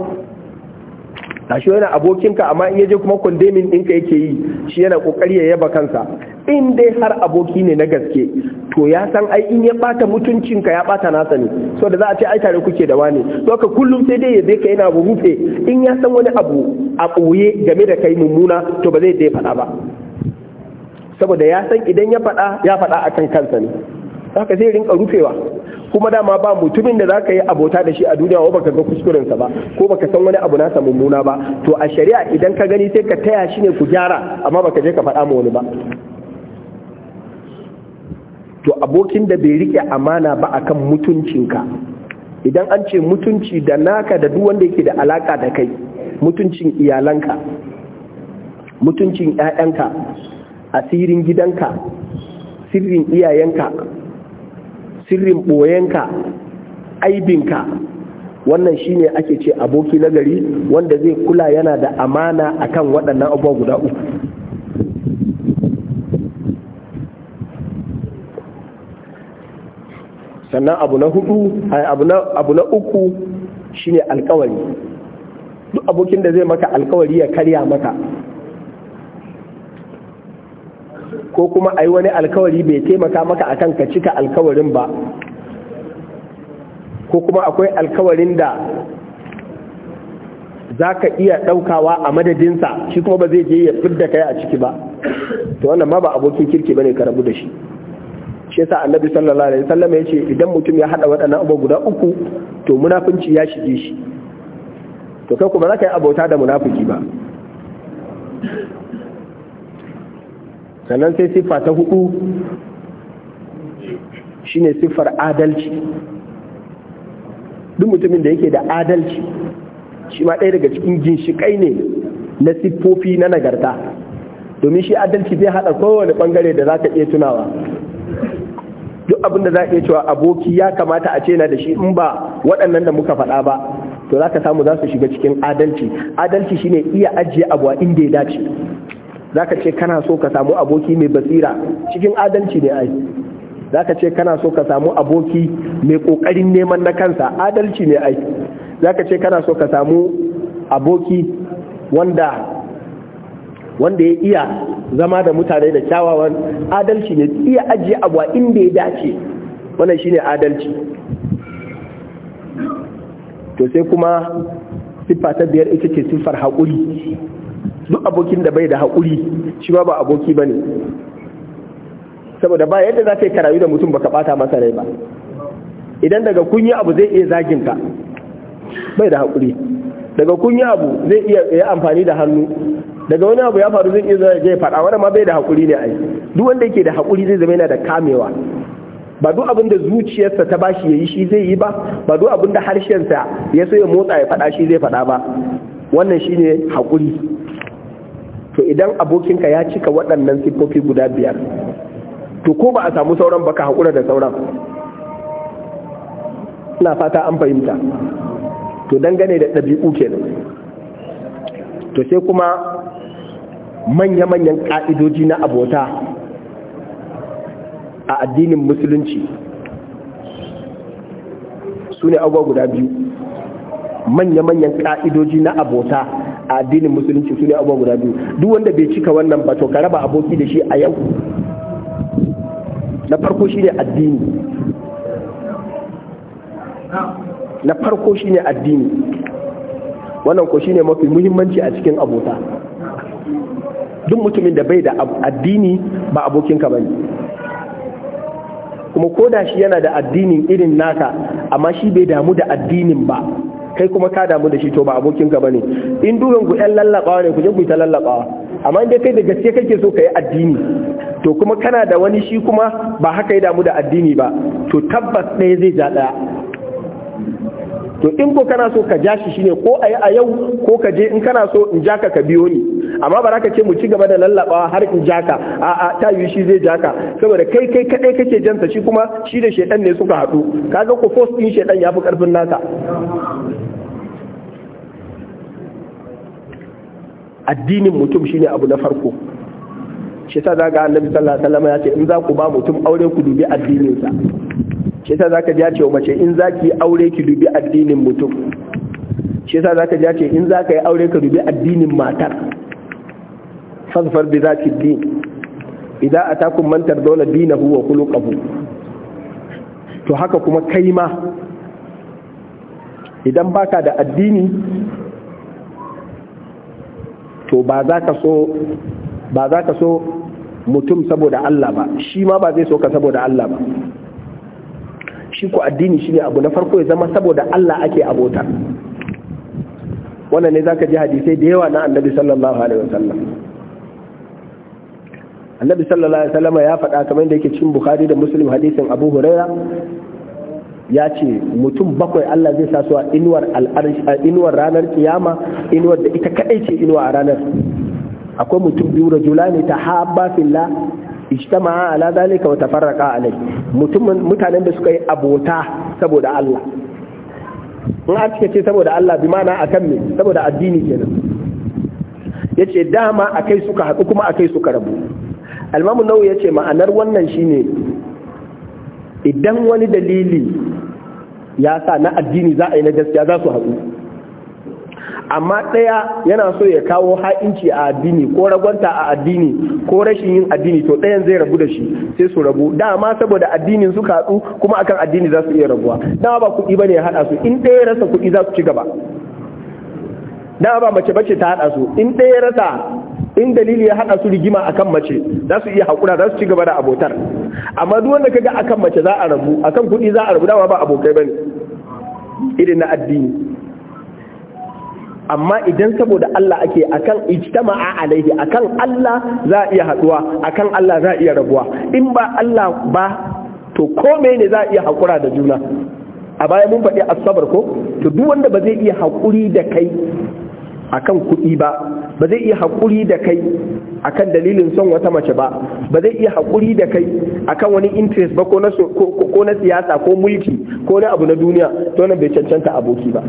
shi yana abokinka amma in yaje kuma kondemin ɗinka yake yi shi yana kokari ya yaba kansa in dai har aboki ne na gaske to ya san ai in ya bata mutuncinka ya bata nasa ne so da za a ce ai tare kuke da wani to ka kullum sai dai ya je ka yana rufe in ya san wani abu a ɓoye game da kai mummuna to ba zai dai faɗa ba saboda ya san idan ya faɗa ya faɗa akan kansa ne haka zai rinka rufewa kuma dama ba mutumin da zaka yi abota da shi a duniya ko baka ga kuskurensa ba ko baka san wani abu nasa mummuna ba to a shari'a idan ka gani sai ka taya shi ne ku gyara amma baka je ka faɗa ma wani ba to abokin da bai rike amana ba akan mutuncinka idan an ce mutunci da naka da duk wanda yake da alaka da kai mutuncin iyalanka mutuncin 'ya'yanka asirin gidanka sirrin iyayenka sirrin ɓoyenka aibinka wannan shine ake ce aboki gari, wanda zai kula yana da amana akan waɗannan abubuwa guda uku sannan abu na hudu abu na uku shine alkawari duk abokin da zai maka alkawari ya karya maka ko kuma ai wani alkawari bai taimaka maka akan ka cika alkawarin ba ko kuma akwai alkawarin da za ka iya ɗaukawa a madadinsa shi kuma ba zai je ya fidda kai a ciki ba to wannan ma ba abokin kirki bane ka rabu da shi shi yasa annabi sallallahu alaihi wasallam ya ce idan mutum ya hada waɗannan abubuwa guda uku to munafunci ya shige shi to kai kuma za ka yi abota da munafiki ba sannan sai siffa ta hudu shine siffar adalci duk mutumin da yake da adalci shi ma ɗaya daga cikin ginshiƙai ne na siffofi na nagarta domin shi adalci zai haɗa kowane ɓangare da za ka iya tunawa duk abinda za ka iya cewa aboki ya kamata a ce na da shi in ba waɗannan da muka faɗa ba to za ka samu za su shiga cikin adalci adalci shine iya ajiye abu a inda ya dace zaka ce kana so ka samu aboki mai basira cikin adalci ne ai zaka ce kana so ka samu aboki mai kokarin neman na kansa adalci ne ai zaka ce kana so ka samu aboki wanda wanda ya iya zama da mutane da kyawawan adalci ne iya ajiye abu a inda ya dace wannan shine adalci to sai kuma siffa ta biyar ita ce siffar haƙuri duk abokin da bai da haƙuri shi ba ba aboki ba ne saboda ba yadda za ka yi karayu da mutum baka ɓata masa rai ba idan daga kun abu zai iya zagin ka bai da haƙuri daga kun abu zai iya yi amfani da hannu daga wani abu ya faru zai iya zai zai faɗa wani ma bai da haƙuri ne ai duk wanda yake da haƙuri zai zama yana da kamewa ba duk abin da zuciyarsa ta bashi ya yi shi zai yi ba ba duk abin da harshensa ya so ya motsa ya faɗa shi zai faɗa ba wannan shine haƙuri to idan abokinka ya cika waɗannan siffofi guda biyar to ko ba a samu sauran baka haƙura da sauran ina fata an fahimta to dangane da ɗabi'u kenan to sai kuma manya-manyan ƙa'idoji na abota a addinin musulunci su ne guda biyu manya-manyan ƙa'idoji na abota a addinin musulunci su ne abubuwa guda biyu duk wanda bai cika wannan ba to ka raba aboki da shi a yau na farko shine addini na farko shine addini wannan ko shine mafi muhimmanci a cikin abota duk mutumin da bai da addini ba abokinka bane kuma ko da shi yana da addinin irin naka amma shi bai damu da addinin ba kai kuma ka damu da shi to ba abokin ka bane in dukan ku yan lallakawa ne ku je ku ta lallakawa. amma in dai kai da gaske kake so kai addini to kuma kana da wani shi kuma ba haka ya damu da addini ba to tabbas ɗaya zai ja ɗaya to in ko kana so ka ja shi shine ko a a yau ko ka je in kana so in ja ka ka biyo ni amma ba ka ce mu ci gaba da lallabawa har in jaka a'a ta yi shi zai jaka saboda kai kai kadai kake jansa shi kuma shi da shedan ne suka haɗu kaga ku force din shedan yafi karfin naka addinin mutum shine abu na farko shi ta zaga annabi sallallahu alaihi wasallam ya ce in za ku ba mutum aure ku dubi addininsa shi ta zaka ji ce mace in za ki aure ki dubi addinin mutum shi ta zaka ji ce in za ka yi aure ka dubi addinin matar fazfar bi zati din idza atakum man tardawna dinahu wa khuluquhu to haka kuma kai ma idan baka da addini to ba za ka so ba za ka so mutum saboda Allah ba shi ma ba zai so ka saboda Allah ba shi ku addini shi ne abu na farko ya zama saboda Allah ake abota wannan ne zaka ji hadisai da yawa na Annabi sallallahu alaihi wasallam annabi sallallahu alaihi wasallam ya faɗa kamar da yake cikin bukhari da muslim hadisin abu huraira ya ce mutum bakwai Allah zai sa su a inuwar inuwar ranar kiyama inuwar da ita kadai ce inuwa a ranar akwai mutum biyu rajulani tahabba fillah ijtama'a ala zalika wa tafarraqa alai mutum mutanen da suka yi abota saboda Allah in an cike ce saboda Allah bi mana akan me saboda addini kenan yace dama akai suka haɗu kuma akai suka rabu almamu nau ya ce ma'anar wannan shine idan wani dalili ya sa na addini za a yi na gaskiya za su haɗu amma ɗaya yana so ya kawo ha'inci a addini ko ragwanta a addini ko rashin yin addini to ɗayan zai rabu da shi sai su rabu dama saboda addinin suka haɗu kuma akan addini za su iya rabuwa dama ba kuɗi ba ne ya haɗa su in ɗaya ya rasa kuɗi za su ci gaba dama ba mace bace ta haɗa su in ɗaya ya rasa in dalili ya hada su rigima akan mace za su iya hakura za su ci gaba da abotar amma duk wanda kaga akan mace za a rabu akan kuɗi za a rabu dawa ba abokai bane irin na addini amma idan saboda Allah ake akan ijtama'a alaihi akan Allah za a iya haduwa akan Allah za a iya rabuwa in ba Allah ba to ko ne za a iya hakura da juna a baya mun faɗi asabar ko to duk wanda ba zai iya haƙuri da kai akan kuɗi ba ba zai iya haƙuri da kai akan dalilin son wata mace ba ba zai iya haƙuri da kai akan wani interest ba ko na siyasa ko mulki ko na abu na duniya to nan bai cancanta aboki ba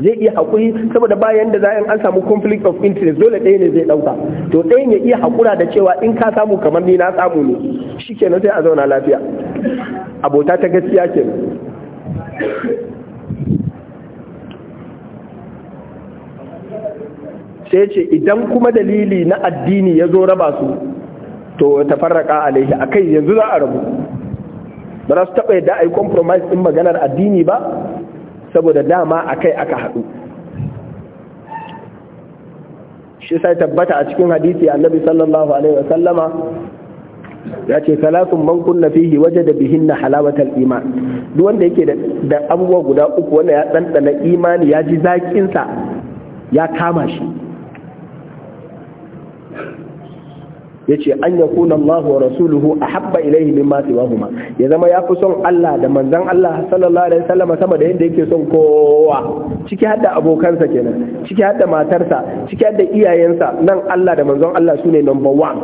zai iya haƙuri saboda bayan da za an samu conflict of interest dole ɗaya ne zai ɗauka to ɗayan ya iya haƙura da cewa in ka samu kamar ni na samu ne shi kenan sai a zauna lafiya abota ta gaskiya kenan sai ce idan kuma dalili na addini ya zo raba su to ta farraka alaihi a kai yanzu za a rabu ba za su taɓa yadda a yi compromise ɗin maganar addini ba saboda dama a kai aka haɗu shi sai tabbata a cikin hadisi annabi sallallahu alaihi wasallama ya ce salatun man kunna fihi bihin na halawatar iman duk wanda yake da abubuwa guda uku wanda ya ɗanɗana imani ya ji zaƙinsa ya kama shi yace an kuna Allah wa rasuluhu ahabba ilayhi mimma ma. ya zama ya fi son Allah da manzon Allah sallallahu alaihi wasallam sama da yadda yake son kowa ciki hadda abokansa kenan ciki hadda matarsa ciki hadda iyayensa nan Allah da manzon Allah sune number 1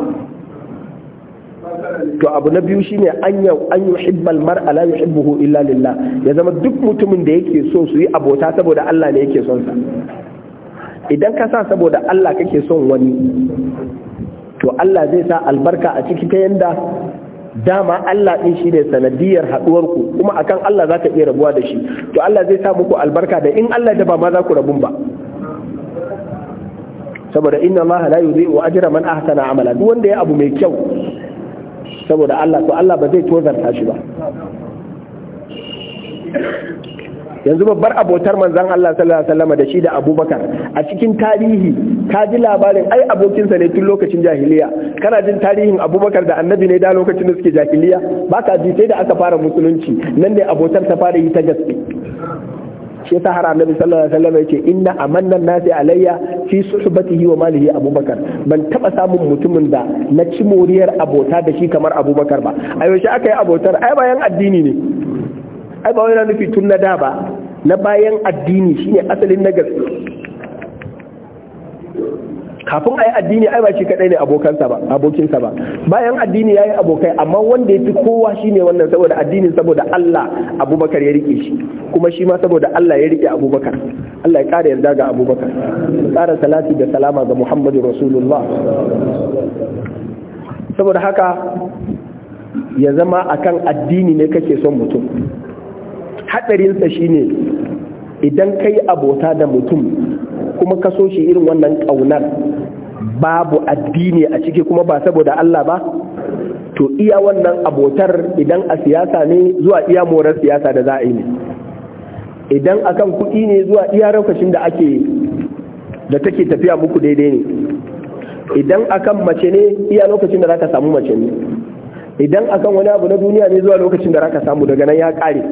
to abu na biyu shine an yau an yuhibbal mar'a la yuhibbuhu illa lillah ya zama duk mutumin da yake so su yi abota saboda Allah ne yake son sa idan ka sa saboda Allah kake son wani to Allah zai sa albarka a ciki ta yanda dama Allah ɗin shi ne sanadiyar haɗuwarku kuma akan Allah za ka iya rabuwa da shi to Allah zai sa muku albarka da in Allah da ba ma za ku rabun ba saboda inna Allah la yudhi'u ajra man ahsana amala duk wanda ya abu mai kyau saboda Allah to Allah ba zai tozarta shi ba yanzu babbar abotar manzon Allah sallallahu alaihi wasallam da shi da Abubakar a cikin tarihi ka ji labarin ai abokinsa ne tun lokacin jahiliya kana jin tarihin Abubakar da Annabi ne da lokacin da suke jahiliya baka ji sai da aka fara musulunci nan ne abotar ta fara yi ta gaske shi ta har annabi sallallahu alaihi wasallam yace inna amanna nasi alayya fi suhbatihi wa malihi abubakar ban taba samun mutumin da na ci moriyar abota da shi kamar abubakar ba a yaushe aka yi abotar ai bayan addini ne ai ba wani nufi tun na da ba na bayan addini shine asalin na gaske kafin a yi addini ai ba shi kadai ne abokansa ba abokinsa ba bayan addini ya yi abokai amma wanda ya fi kowa shi ne wannan saboda addinin saboda Allah abubakar ya rike shi kuma shi ma saboda Allah ya rike abubakar Allah ya kara yarda ga abubakar tsara salati da salama ga muhammadu rasulullah saboda haka ya zama akan addini ne kake son mutum hadarinsa shine idan kai abota da mutum kuma ka so shi irin wannan ƙaunar babu addini a ciki kuma ba saboda Allah ba to iya wannan abotar idan a siyasa ne zuwa iya morar siyasa da za a yi ne idan akan kuɗi ne zuwa iya lokacin da ake da take tafiya muku daidai ne idan akan mace ne iya lokacin da za ka samu mace ne idan akan wani abu na duniya ne zuwa lokacin da raka samu daga nan ya kare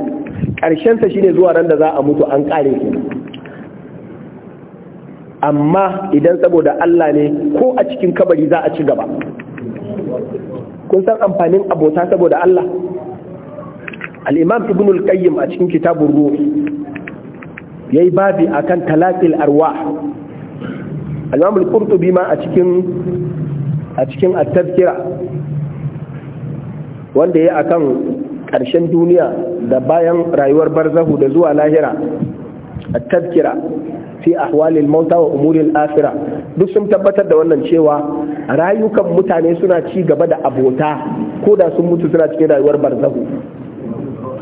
sa shine zuwa ran da za a mutu an kare ke amma idan saboda Allah ne ko a cikin kabari za a ci gaba kun san amfanin abota saboda Allah al-imam ibn al-qayyim a cikin kitabun ruh yayi babi akan talaqil arwah al-imam al-qurtubi ma a cikin a cikin at-tazkira wanda ya akan ƙarshen duniya da bayan rayuwar barzahu da zuwa lahira a tazkira fi ahwalil mauta wa umuril afira duk sun tabbatar da wannan cewa rayukan mutane suna ci gaba da abota ko da sun mutu suna cikin rayuwar barzahu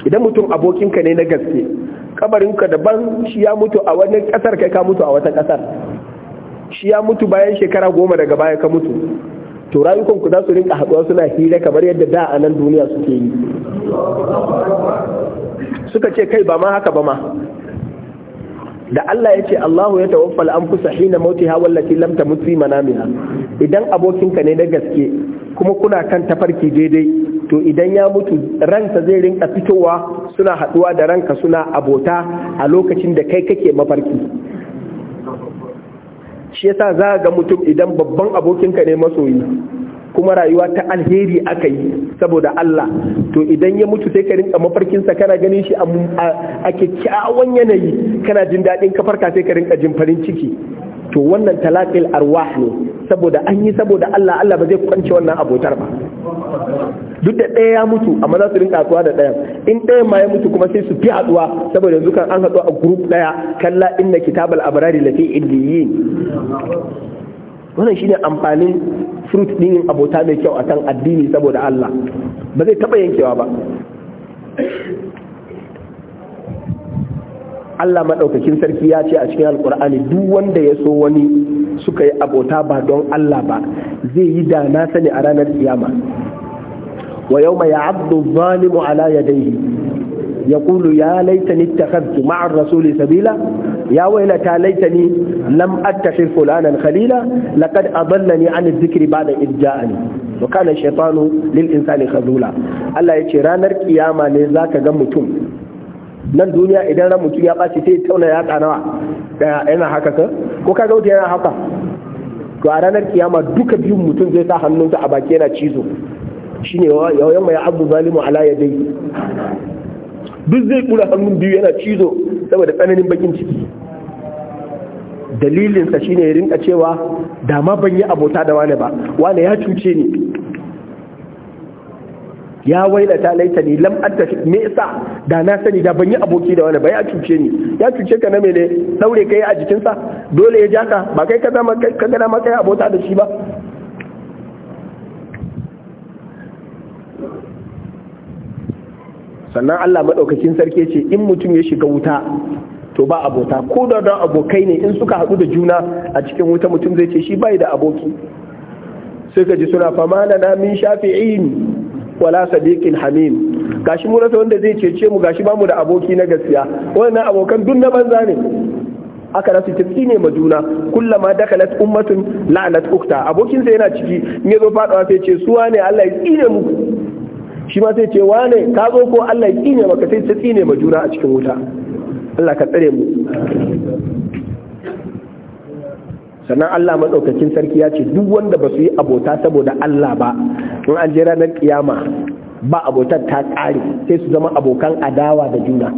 idan mutum abokinka ne na gaske kabarinka daban shi ya mutu a wani kasar kai ka mutu a wata kasar shi ya mutu bayan shekara goma daga baya ka mutu to rayukan ku za su rinka haɗuwa suna hira kamar yadda da a nan duniya suke yi suka ce kai ba ma haka ba ma da Allah ya ce Allahu ya tawaffal an anfusa hina mauti hawan wallati lam tamut fi manamiha idan abokinka ne na gaske kuma kuna kan tafarki daidai to idan ya mutu ransa zai rinka fitowa suna haɗuwa da ranka suna abota a lokacin da kai kake mafarki shi yasa za ga mutum idan babban abokinka ne masoyi kuma rayuwa ta alheri aka yi saboda Allah to idan ya mutu sai ka rinka mafarkinsa kana ganin shi a kyakkyawan yanayi kana jin daɗin kafarka sai ka rinka jin farin ciki to wannan talaqil arwah ne saboda an yi saboda Allah Allah ba zai kwance wannan abotar ba duk da ɗaya ya mutu amma za su rinka haɗuwa da ɗayan in ɗayan ma ya mutu kuma sai su fi haɗuwa saboda yanzu kan an haɗu a guruf ɗaya kalla inna kitabal abrari fi illiyin wannan shine amfanin fruit din abota mai kyau akan addini saboda Allah ba zai taba yankewa ba Allah madaukakin sarki ya ce a cikin alkur'ani duk wanda ya so wani suka yi abota ba don Allah ba zai yi da na sani a ranar kiyama Wa yauma ya abdu vani mu'ala ya daiye. ya laita ni ta haske macarar Sabila. Ya waina ta laita ni lam'ad ta shirme ranar Khalila. Na kada a balla ni anan zikiri ba na iri jiya anan. Sukarar Shaita Allah yace ranar ƙiyama ne za ga mutum nan duniya idan ran mutum ya baci sai tauna ya tsana, yana haka ka? Ko ka ga wuce yana haka? To a ranar ƙiyama duka biyun mutum zai sa hannunsa a baki yana cizo. ne yawon mai abu zalimu ala ya dai duk zai kura hannun biyu yana cizo saboda tsananin bakin ciki dalilinsa shi ya rinka cewa da ma ban yi abota da wane ba wane ya cuce ni ya waila ta laita ne lam anta me yasa da na sani da ban yi aboki da wani ba ya cuce ni ya cuce ka na mene daure kai a jikinsa dole ya jaka ba kai ka zama kai ka abota da shi ba sannan Allah maɗaukakin sarki ce in mutum ya shiga wuta to ba abota ko da don abokai ne in suka haɗu da juna a cikin wuta mutum zai ce shi bai da aboki sai ka ji suna fama na na shafi shafi'in wala sadiqin hamim gashi mu rasa wanda zai cece mu gashi bamu da aboki na gaskiya wannan abokan duk na banza ne aka rasu tafi ne ma juna kullama dakalat ummatun la'anat ukta abokin sai yana ciki in zo fadawa sai ce suwa ne Allah ya tsine muku shi ma sai ce wane ka zo ko Allah ya tsine maka sai ta tsine ma juna a cikin wuta Allah ka tsare mu sannan Allah maɗaukakin sarki ya ce duk wanda ba su yi abota saboda Allah ba in an je ranar kiyama ba abotar ta ƙare sai su zama abokan adawa da juna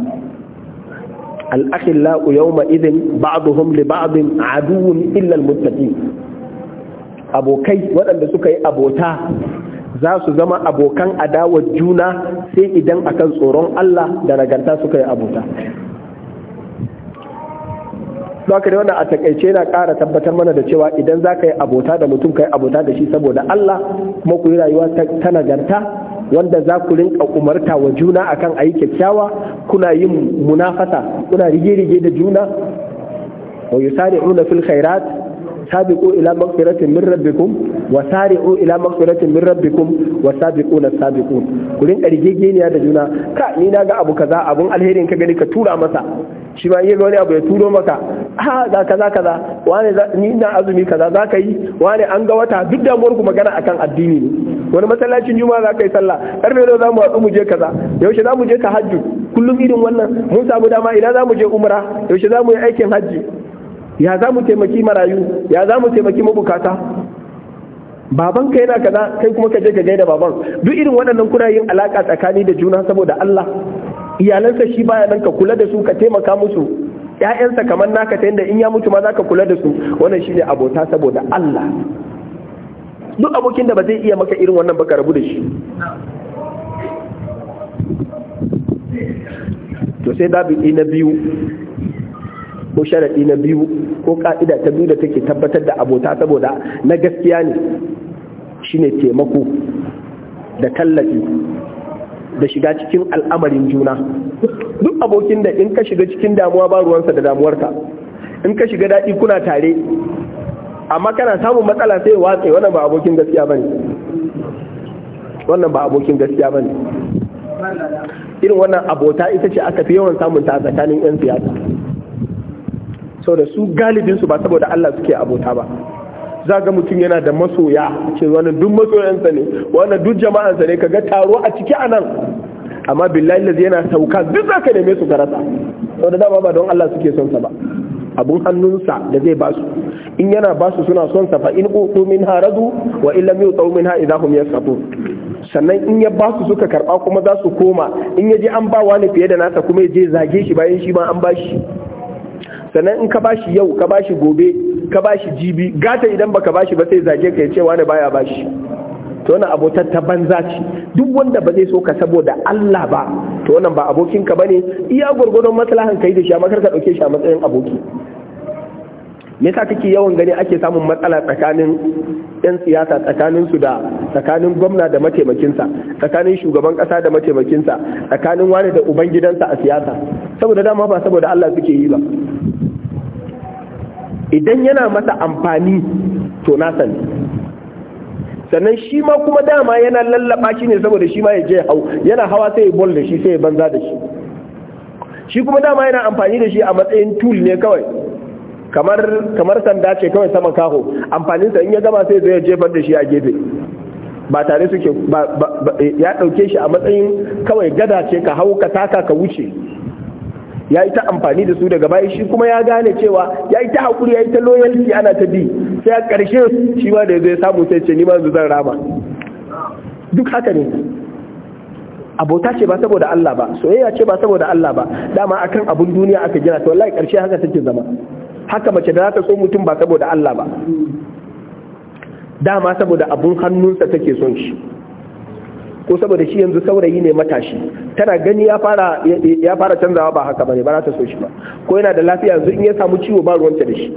la'u yawma idin ba'duhum li ba'din aduwwun illa almuttaqin abokai waɗanda suka yi abota za su zama abokan adawar juna sai idan akan tsoron Allah da nagarta suka yi abuta Zaka da wannan a takaice na ƙara tabbatar mana da cewa idan za ka yi abota da mutum ka yi abota da shi saboda Allah kuma ku yi rayuwa ta nagarta wanda za ku rinka umarta wa juna akan a yi kyakkyawa kuna yin munafasa kuna rige-rige da juna wa yusari'una fil khairat sabiqu ila maghfiratin min rabbikum wa sari'u ila maghfiratin min rabbikum wa sabiquna sabiqun ku rinka rigegeniya da juna ka ni na ga abu kaza abun alherin ka gani ka tura masa shi ma yin wani abu ya turo maka ha za kaza kaza wani ni na azumi kaza za yi wani an ga wata duk da ku magana akan addini ne wani masallacin juma'a za ka yi sallah karfe nawa za mu haɗu mu je kaza yaushe za mu je hajju? kullum irin wannan mun samu dama ina za mu je umra yaushe za mu yi aikin hajji ya za mu taimaki marayu ya za mu taimaki mabukata Baban ka yana kaza kai kuma ka je ka gaida baban duk irin waɗannan kuna yin alaka tsakani da juna saboda Allah iyalansa shi baya nan ka kula da su ka taimaka musu ƴaƴansa kamar naka ta yadda in ya mutu ma za ka kula da su wannan shine abota saboda Allah duk abokin da ba zai iya maka irin wannan baka rabu da shi to sai dabi na biyu ko sharaɗi na biyu ko ka'ida ta biyu da take tabbatar da abota saboda na gaskiya ne shine taimako da tallafi da shiga cikin al'amarin juna duk abokin da in ka shiga cikin damuwa ba ruwansa da damuwarka in ka shiga daɗi kuna tare amma kana samun matsala sai watsa wannan ba abokin gaskiya bane wannan ba abokin gaskiya bane irin wannan abota ita ce aka fi yawan samun ta tsakanin 'yan siyasa da su galibinsu ba saboda Allah suke abota ba za ga mutum yana da masoya ce wani duk masoyansa ne Wani duk jama'ansa ne kaga taro a ciki a nan amma billahi lazi yana sauka duk za ka neme su ka rasa da dama ba don Allah suke son sa ba abun hannunsa da zai basu in yana basu suna son sa fa in min haradu wa in lam yutu minha idahum yasqatun sannan in ya basu suka karba kuma za su koma in ya ji an ba wani fiye da nasa kuma ya je zage shi bayan shi ma an bashi sannan in ka bashi yau ka bashi gobe ka bashi jibi gata idan baka bashi ba sai zage ka ya ne wani baya bashi to wannan abotar ta banza ce duk wanda ba zai so ka saboda Allah ba to wannan ba abokin ka bane iya gurgurdon maslahan kai da shi amma kar ka dauke shi a matsayin aboki me yasa kake yawan gani ake samun matsala tsakanin yan siyasa tsakanin su da tsakanin gwamna da mataimakinsa tsakanin shugaban kasa da mataimakinsa tsakanin wani da uban gidansa a siyasa saboda dama ba saboda Allah suke yi ba idan yana masa amfani to na sani sannan shi ma kuma dama yana lallaba shi ne saboda shi ma ya je hau yana hawa sai ya bol da shi sai ya banza da shi shi kuma dama yana amfani da shi a matsayin tool ne kawai kamar kamar sanda ce kawai saman kaho amfanin sa in ya gama sai zai jefar da shi a gefe ba tare suke ya dauke shi a matsayin kawai gada ce ka hau ka taka ka wuce ya yi ta amfani da su daga bayan shi kuma ya gane cewa ya yi ta haƙuri ya yi ta loyalty ana ta bi sai a ƙarshe shi ma da zai samu sai ce ni ma zan rama duk haka ne abota ce ba saboda Allah ba soyayya ce ba saboda Allah ba dama akan abun duniya aka gina to wallahi karshe haka take zama haka mace da za ta so mutum ba saboda Allah ba dama saboda abun hannunsa take son shi ko saboda shi yanzu saurayi ne matashi tana gani ya fara canzawa ba haka bane ba za ta so shi ba ko yana da lafiya yanzu in ya samu ciwo ba ruwanta da shi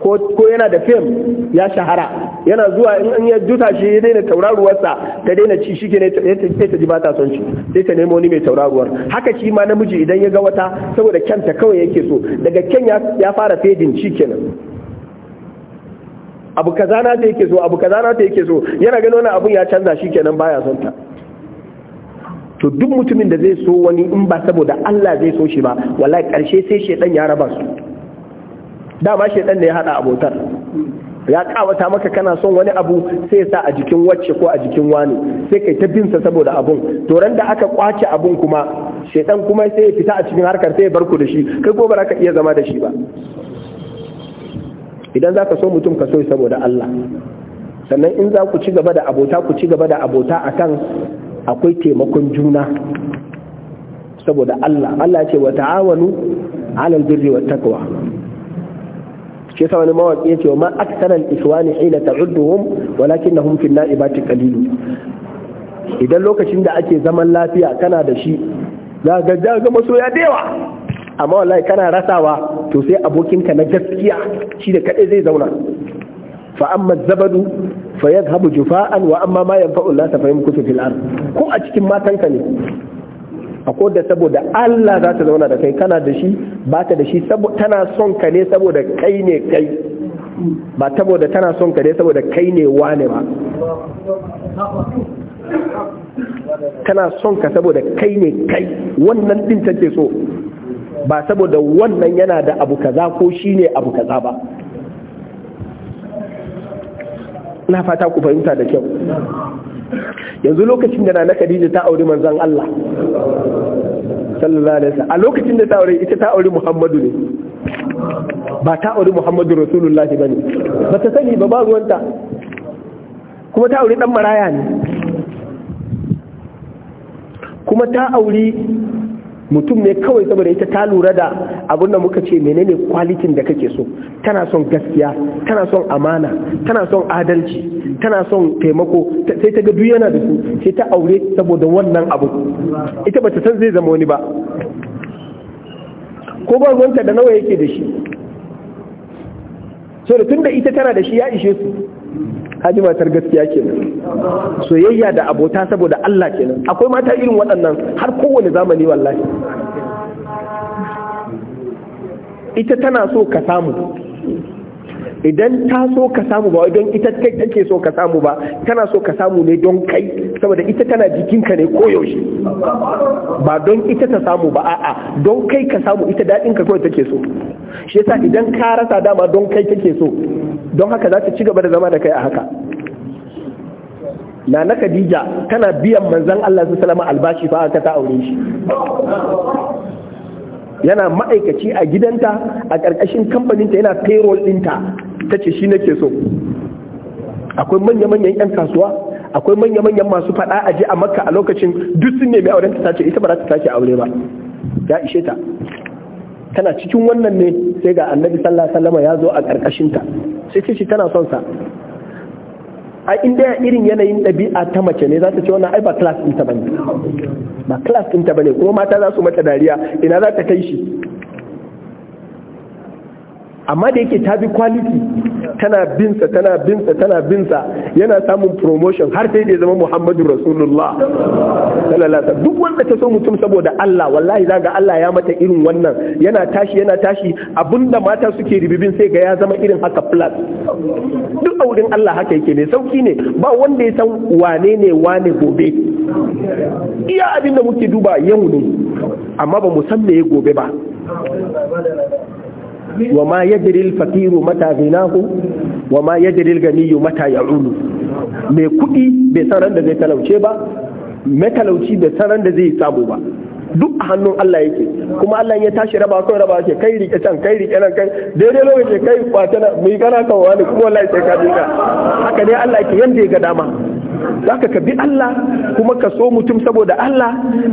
ko yana da fim ya shahara yana zuwa in ya juta shi ya daina tauraruwarsa ta daina ci shi ke ta ji ba ta son shi sai ta nemo wani mai tauraruwar haka shi ma namiji idan ya ga wata saboda ta kawai yake so daga kyan ya fara fejin shi kenan abu kaza na ta yake so abu kaza na ta yake so yana ganin wani abun ya canza shi kenan baya son ta to duk mutumin da zai so wani in ba saboda Allah zai so shi ba wallahi karshe sai shedan ya raba su dama shaidan ne ya hada abotar ya kawata maka kana son wani abu sai sa a jikin wacce ko a jikin wani sai kai ta binsa saboda abun to ran da aka kwace abun kuma shaidan kuma sai ya fita a cikin harkar sai ya ku da shi kai ko ba ka iya zama da shi ba idan za ka so mutum ka so saboda Allah sannan in za ku ci gaba da abota ku ci gaba da abota akan akwai taimakon juna saboda Allah Allah ce wa ta'awanu alal birri wat taqwa shi yasa wani mawaki wa ma aktaral iswani hina ta'udduhum walakinnahum fil na'ibati qalilun idan lokacin da ake zaman lafiya kana da shi za ga ga masoya da yawa amma wallahi kana rasawa to sai abokinka na gaskiya shi da kadai zai zauna fa amma zabadu fa yadhhabu jufa'an wa amma ma yanfa'u an fa fil ard ko a cikin matanka ne akwai da saboda Allah za ta zauna da kai kana da shi ba ta da shi tana son ka ne saboda kai ne kai ba saboda tana son ka ne saboda kai ne wane ba tana son ka saboda kai ne kai wannan din take so ba saboda wannan yana da abu kaza ko shine abu kaza ba na fata ku fahimta da kyau yanzu lokacin da na kadija ta auri manzan Allah sallallahu alaihi wasallam a lokacin da ta aure ita ta aure Muhammadu ne ba ta aure Muhammadu Rasulullahi bane ba ta sani ba ba ruwanta kuma ta aure dan maraya ne kuma ta aure mutum ne kawai saboda ita ta lura da abin da muka ce menene kwalitin da kake so tana son gaskiya tana son amana tana son adalci tana son taimako sai ta ga duk yana da su sai ta aure saboda wannan abu ita bata san zai zama wani ba ko ba ruwanta da nawa yake da shi so da tunda ita tana da shi ya ishe su haji matar gaskiya kenan soyayya da abota saboda Allah kenan akwai mata irin waɗannan har kowane zamani wallahi ita tana so ka samu idan ta so ka samu ba don ita kai take so ka samu ba tana so ka samu ne don kai saboda ita tana jikinka ne koyaushe ba don ita ta samu ba a'a don kai ka samu ita daɗin ka kawai take so shi yasa idan ka rasa dama don kai take so don haka za ta ci gaba da zama da kai a haka Nana Khadija tana biyan manzon Allah su salama albashi fa aka ta aure shi yana ma'aikaci a gidanta a ƙarƙashin kamfaninta yana payroll ɗinta ta ce shi nake so akwai manya-manyan 'yan kasuwa akwai manya-manyan masu faɗa a je a makka a lokacin duk sun nemi auren ta ce ita ba za ta sake aure ba ya ishe ta tana cikin wannan ne sai ga annabi sallallahu alaihi ya zo a karkashin ta sai ce shi tana son sa a inda ya irin yanayin ɗabi'a ta mace ne za ta ce wannan ai ba class ɗinta bane ba class ɗinta bane kuma mata za su mata dariya ina za ta kai shi amma da yake ta bi kwaliti, tana binsa tana binsa tana binsa yana samun promotion har sai da ya zama Muhammadu Rasulullah duk wanda ta so mutum saboda Allah wallahi za ga Allah ya mata irin wannan yana tashi yana tashi abinda mata suke ribibin sai ga ya zama irin haka plus duk a wurin Allah haka yake ne sauki ne ba wanda ya san wane ne wane gobe iya abinda muke duba yau ne amma ba mu san me gobe ba wa ma yadri al mata zinahu wa ma yadri al Ganiyu mata ya'ulu mai kuɗi bai san ran da zai talauce ba talauci bai san ran da zai sabo ba duk a hannun Allah yake kuma Allah ya tashi raba kawai raba ke. kai rike can kai rike nan kai daidai lokaci kai kwata na mai gana kan wani kuma wallahi sai ka dinga haka ne Allah yake yanda ya ga dama zaka ka bi Allah kuma ka so mutum saboda Allah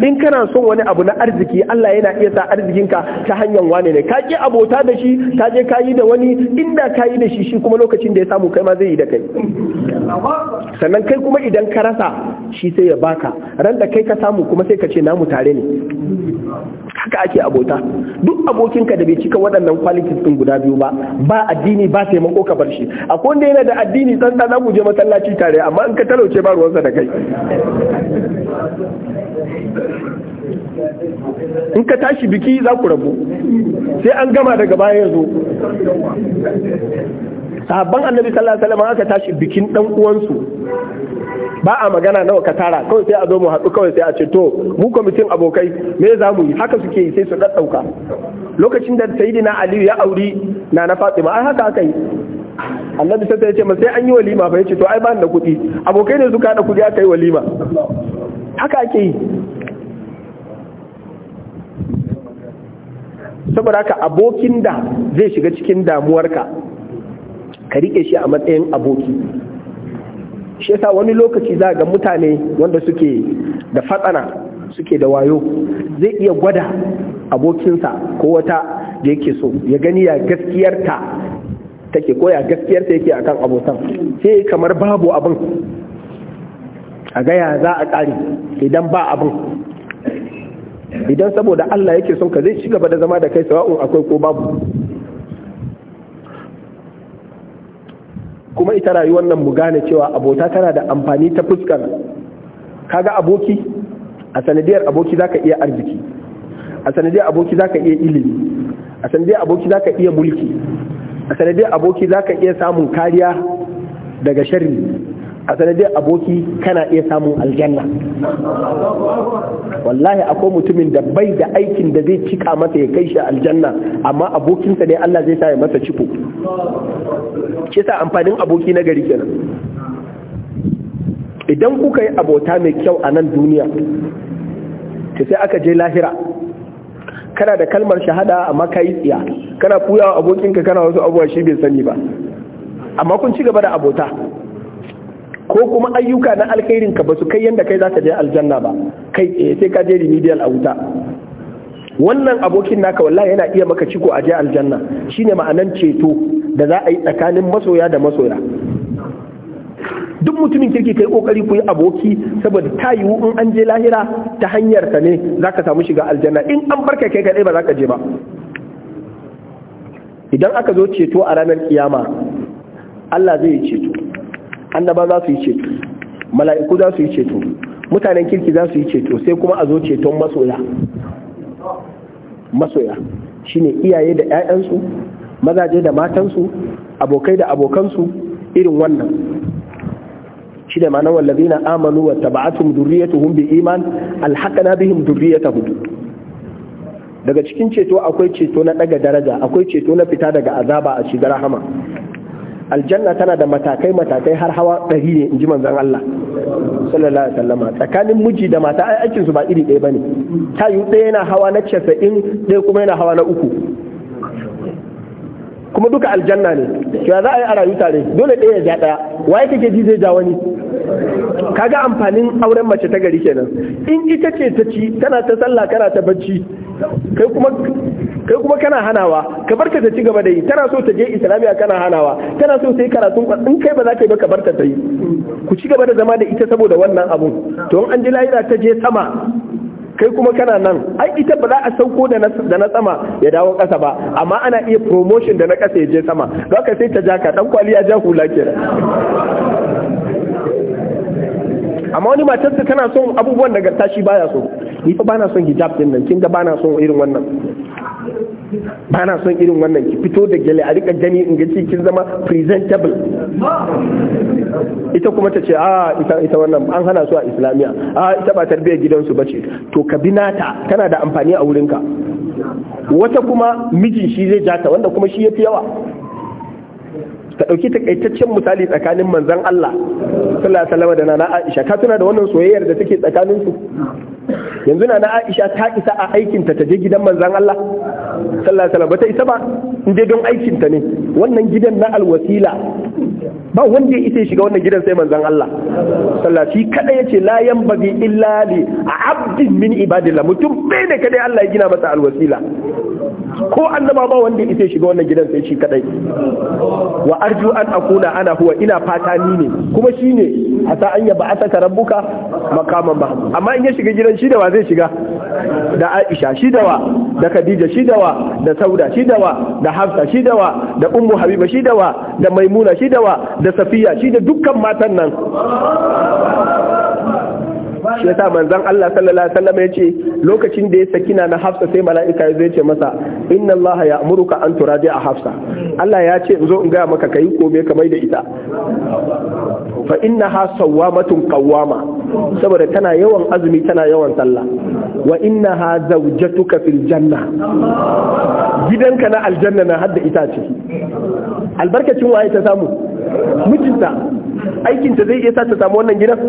in kana son wani abu na arziki Allah yana iya sa arzikinka ta hanyar wane ne ka ki abota da shi ka je ka yi da wani inda ka yi da shi shi kuma lokacin da ya samu kai ma zai yi da kai sannan kai kuma idan ka rasa shi sai ya baka ran da kai ka samu kuma sai ka ce namu tare ne haka ake abota duk abokinka da bai cika waɗannan qualities din guda biyu ba ba addini ba taimako ka bar shi akwai wanda yana da addini tsantsa za ku je masallaci tare amma in ka talauce ba ruwansa da kai in ka tashi biki za ku rabu sai an gama daga baya ya zo sahabban annabi sallallahu alaihi wasallam aka tashi bikin dan uwansu ba a magana nawa ka tara kawai sai a zo mu haɗu kawai sai a ce to mu kwamitin abokai me za mu yi haka suke yi sai su ɗaɗɗauka lokacin da sayidina aliyu ya auri na na fatima ai haka aka yi annabi sai ya ce ma sai an yi walima fa yace to ai ba da kuɗi abokai ne suka haɗa kuɗi aka yi walima haka ake yi saboda haka abokin da zai shiga cikin damuwarka ka riƙe shi a matsayin aboki shi yasa wani lokaci za ga mutane wanda suke da fatsana suke da wayo zai iya gwada abokinsa ko wata da yake so ya gani ya gaskiyarta take ko ya gaskiyarta yake akan abotan sai kamar babu abin a gaya za a ƙari idan ba abin idan saboda Allah yake son ka zai ci gaba da zama da kai sawa'un akwai ko babu kuma ita rayuwar nan mu gane cewa abota tana da amfani ta fuskar kaga aboki a sanadiyar aboki zaka iya arziki a sanadiyar aboki zaka iya ilimi a sanadiyar aboki zaka iya mulki a sanadiyar aboki zaka iya samun kariya daga sharri a sanadiyar aboki kana iya samun aljanna wallahi akwai mutumin da bai da aikin da zai cika masa ya kai shi aljanna amma abokinsa ne Allah zai sa ya masa ciko Ki sa amfanin aboki na gari kenan idan kuka yi abota mai kyau a nan duniya ta sai aka je lahira kana da kalmar shahada amma ka yi tsiya kana kuyawa abokinka kana wasu abubuwa shi bai sani ba amma kun ci gaba da abota ko kuma ayyuka na alkhairin ka ba su kai yanda kai za ka je aljanna ba kai Eh sai ka je remedial a wuta wannan abokin naka wallahi yana iya maka ciko a je aljanna shine ma'anan ceto da za a yi tsakanin masoya da masoya duk mutumin kirki kai kokari ku yi aboki saboda ta yiwu in an je lahira ta hanyar ta ne ka samu shiga aljanna in an barka kai kaɗai ba za ka je ba idan aka zo ceto a ranar kiyama Allah zai ceto annaba za su yi ceto mala'iku za su yi ceto mutanen kirki za su yi ceto sai kuma a zo ceton masoya masoya shine iyaye da 'ya'yansu mazaje da matansu abokai da abokansu irin wannan shi da ma'anar wallazina amanu wa taba'atum durriyatuhum bi iman alhaqana bihim durriyatahum daga cikin ceto akwai ceto na daga daraja akwai ceto na fita daga azaba a shiga rahama aljanna tana da matakai matakai har hawa ɗari ne in ji manzon Allah sallallahu alaihi wasallam tsakanin miji da mata ai aikin su ba iri ɗaya bane ta yi ɗaya yana hawa na casa'in ɗaya kuma yana hawa na uku kuma duka aljanna ne ya za a yi a rayu tare dole ɗaya ya ja ɗaya waye kake ji zai ja wani kaga amfanin auren mace ta gari kenan in ita ce ta ci tana ta sallah kana ta bacci kai kuma kai kuma kana hanawa ka barka ta ci gaba da yi tana so ta je islamiya kana hanawa tana so sai karatun in kai ba za ka yi ba ka barka ta yi ku ci gaba da zama da ita saboda wannan abun to in an ji lahira ta je sama kai kuma kana nan ai ita ba za a sauko da na sama ya dawo kasa ba amma ana iya promotion da na kasa ya je sama za ka sai ta ja ka dan kwali ya ja hula ke amma wani matarsa tana son abubuwan daga tashi baya so ni fa bana son hijab din nan kin ga bana son irin wannan ba na son irin wannan ki fito da gele a rika gani in ga kin zama presentable ita kuma ta ce a ah, ita ita wannan an hana su a islamiyya a ah, ita ba tarbiyyar gidansu ba ce to ka bi nata tana da amfani a wurin ka. wata kuma miji shi zai jata wanda kuma shi ya fi yawa ta ɗauki takaitaccen misali tsakanin manzon Allah sallallahu alaihi wasallam da nana Aisha ka tuna da wannan soyayyar da take tsakaninsu yanzu na Aisha ta isa a aikinta ta je gidan manzon Allah sallallahu alaihi wasallam ta isa ba in dai don aikinta ne wannan gidan na alwasila ba wanda ya isa shiga wannan gidan sai manzon Allah sallallahu shi kada yace la yanbaghi illa li abdin min ibadillah mutum bai da kada Allah ya gina masa alwasila ko an zama ba wanda ya ise shiga wannan gidan sai shi kadai wa arju an akuna ana huwa ina fata ni ne kuma shi ne ya an yaba ataka rabbuka makaman ba amma in ya shiga gidan shi da wa zai shiga da Aisha shi da wa da Khadija shi da wa da Sauda shi da wa da Hafsa shi da wa da Ummu Habiba shi da wa da Maimuna shi da wa da Safiya shi da dukkan matan nan shi yasa manzon Allah sallallahu alaihi wasallam ce lokacin da ya saki na Hafsa sai mala'ika ya zai ce masa inna Allah amuruka an a Hafsa Allah ya ce zo in ga maka kai kome ka mai da ita fa ha sawwamatun qawwama saboda tana yawan azumi tana yawan sallah wa ha zawjatuka fil janna gidanka na aljanna na hadda ita ce albarkacin waye ta samu mijinta aikinta zai iya sa ta samu wannan gidan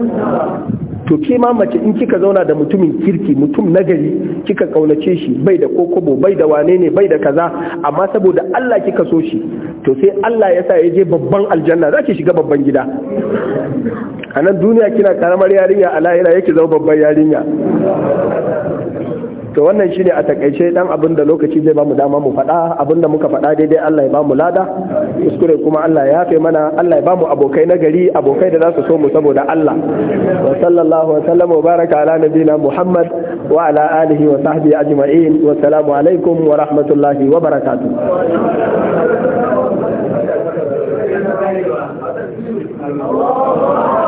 to ke ma mace in kika zauna da mutumin kirki mutum na nagari kika kaunace shi bai da kokobo bai da wane ne bai da kaza amma saboda Allah kika so shi to sai Allah ya sa ya je babban aljanna za ki shiga babban gida a nan duniya kina karamar yarinya a lahira yake zama babban yarinya to wannan shine a takaice dan abin da lokaci zai bamu dama mu faɗa abin da muka faɗa daidai Allah ya bamu lada kuskure kuma Allah ya yafe mana Allah ya mu abokai na gari abokai da za su so mu saboda Allah wa sallallahu wa sallam wa baraka ala nabina Muhammad wa ala alihi wa sahbihi ajma'in wa assalamu alaikum wa rahmatullahi wa barakatuh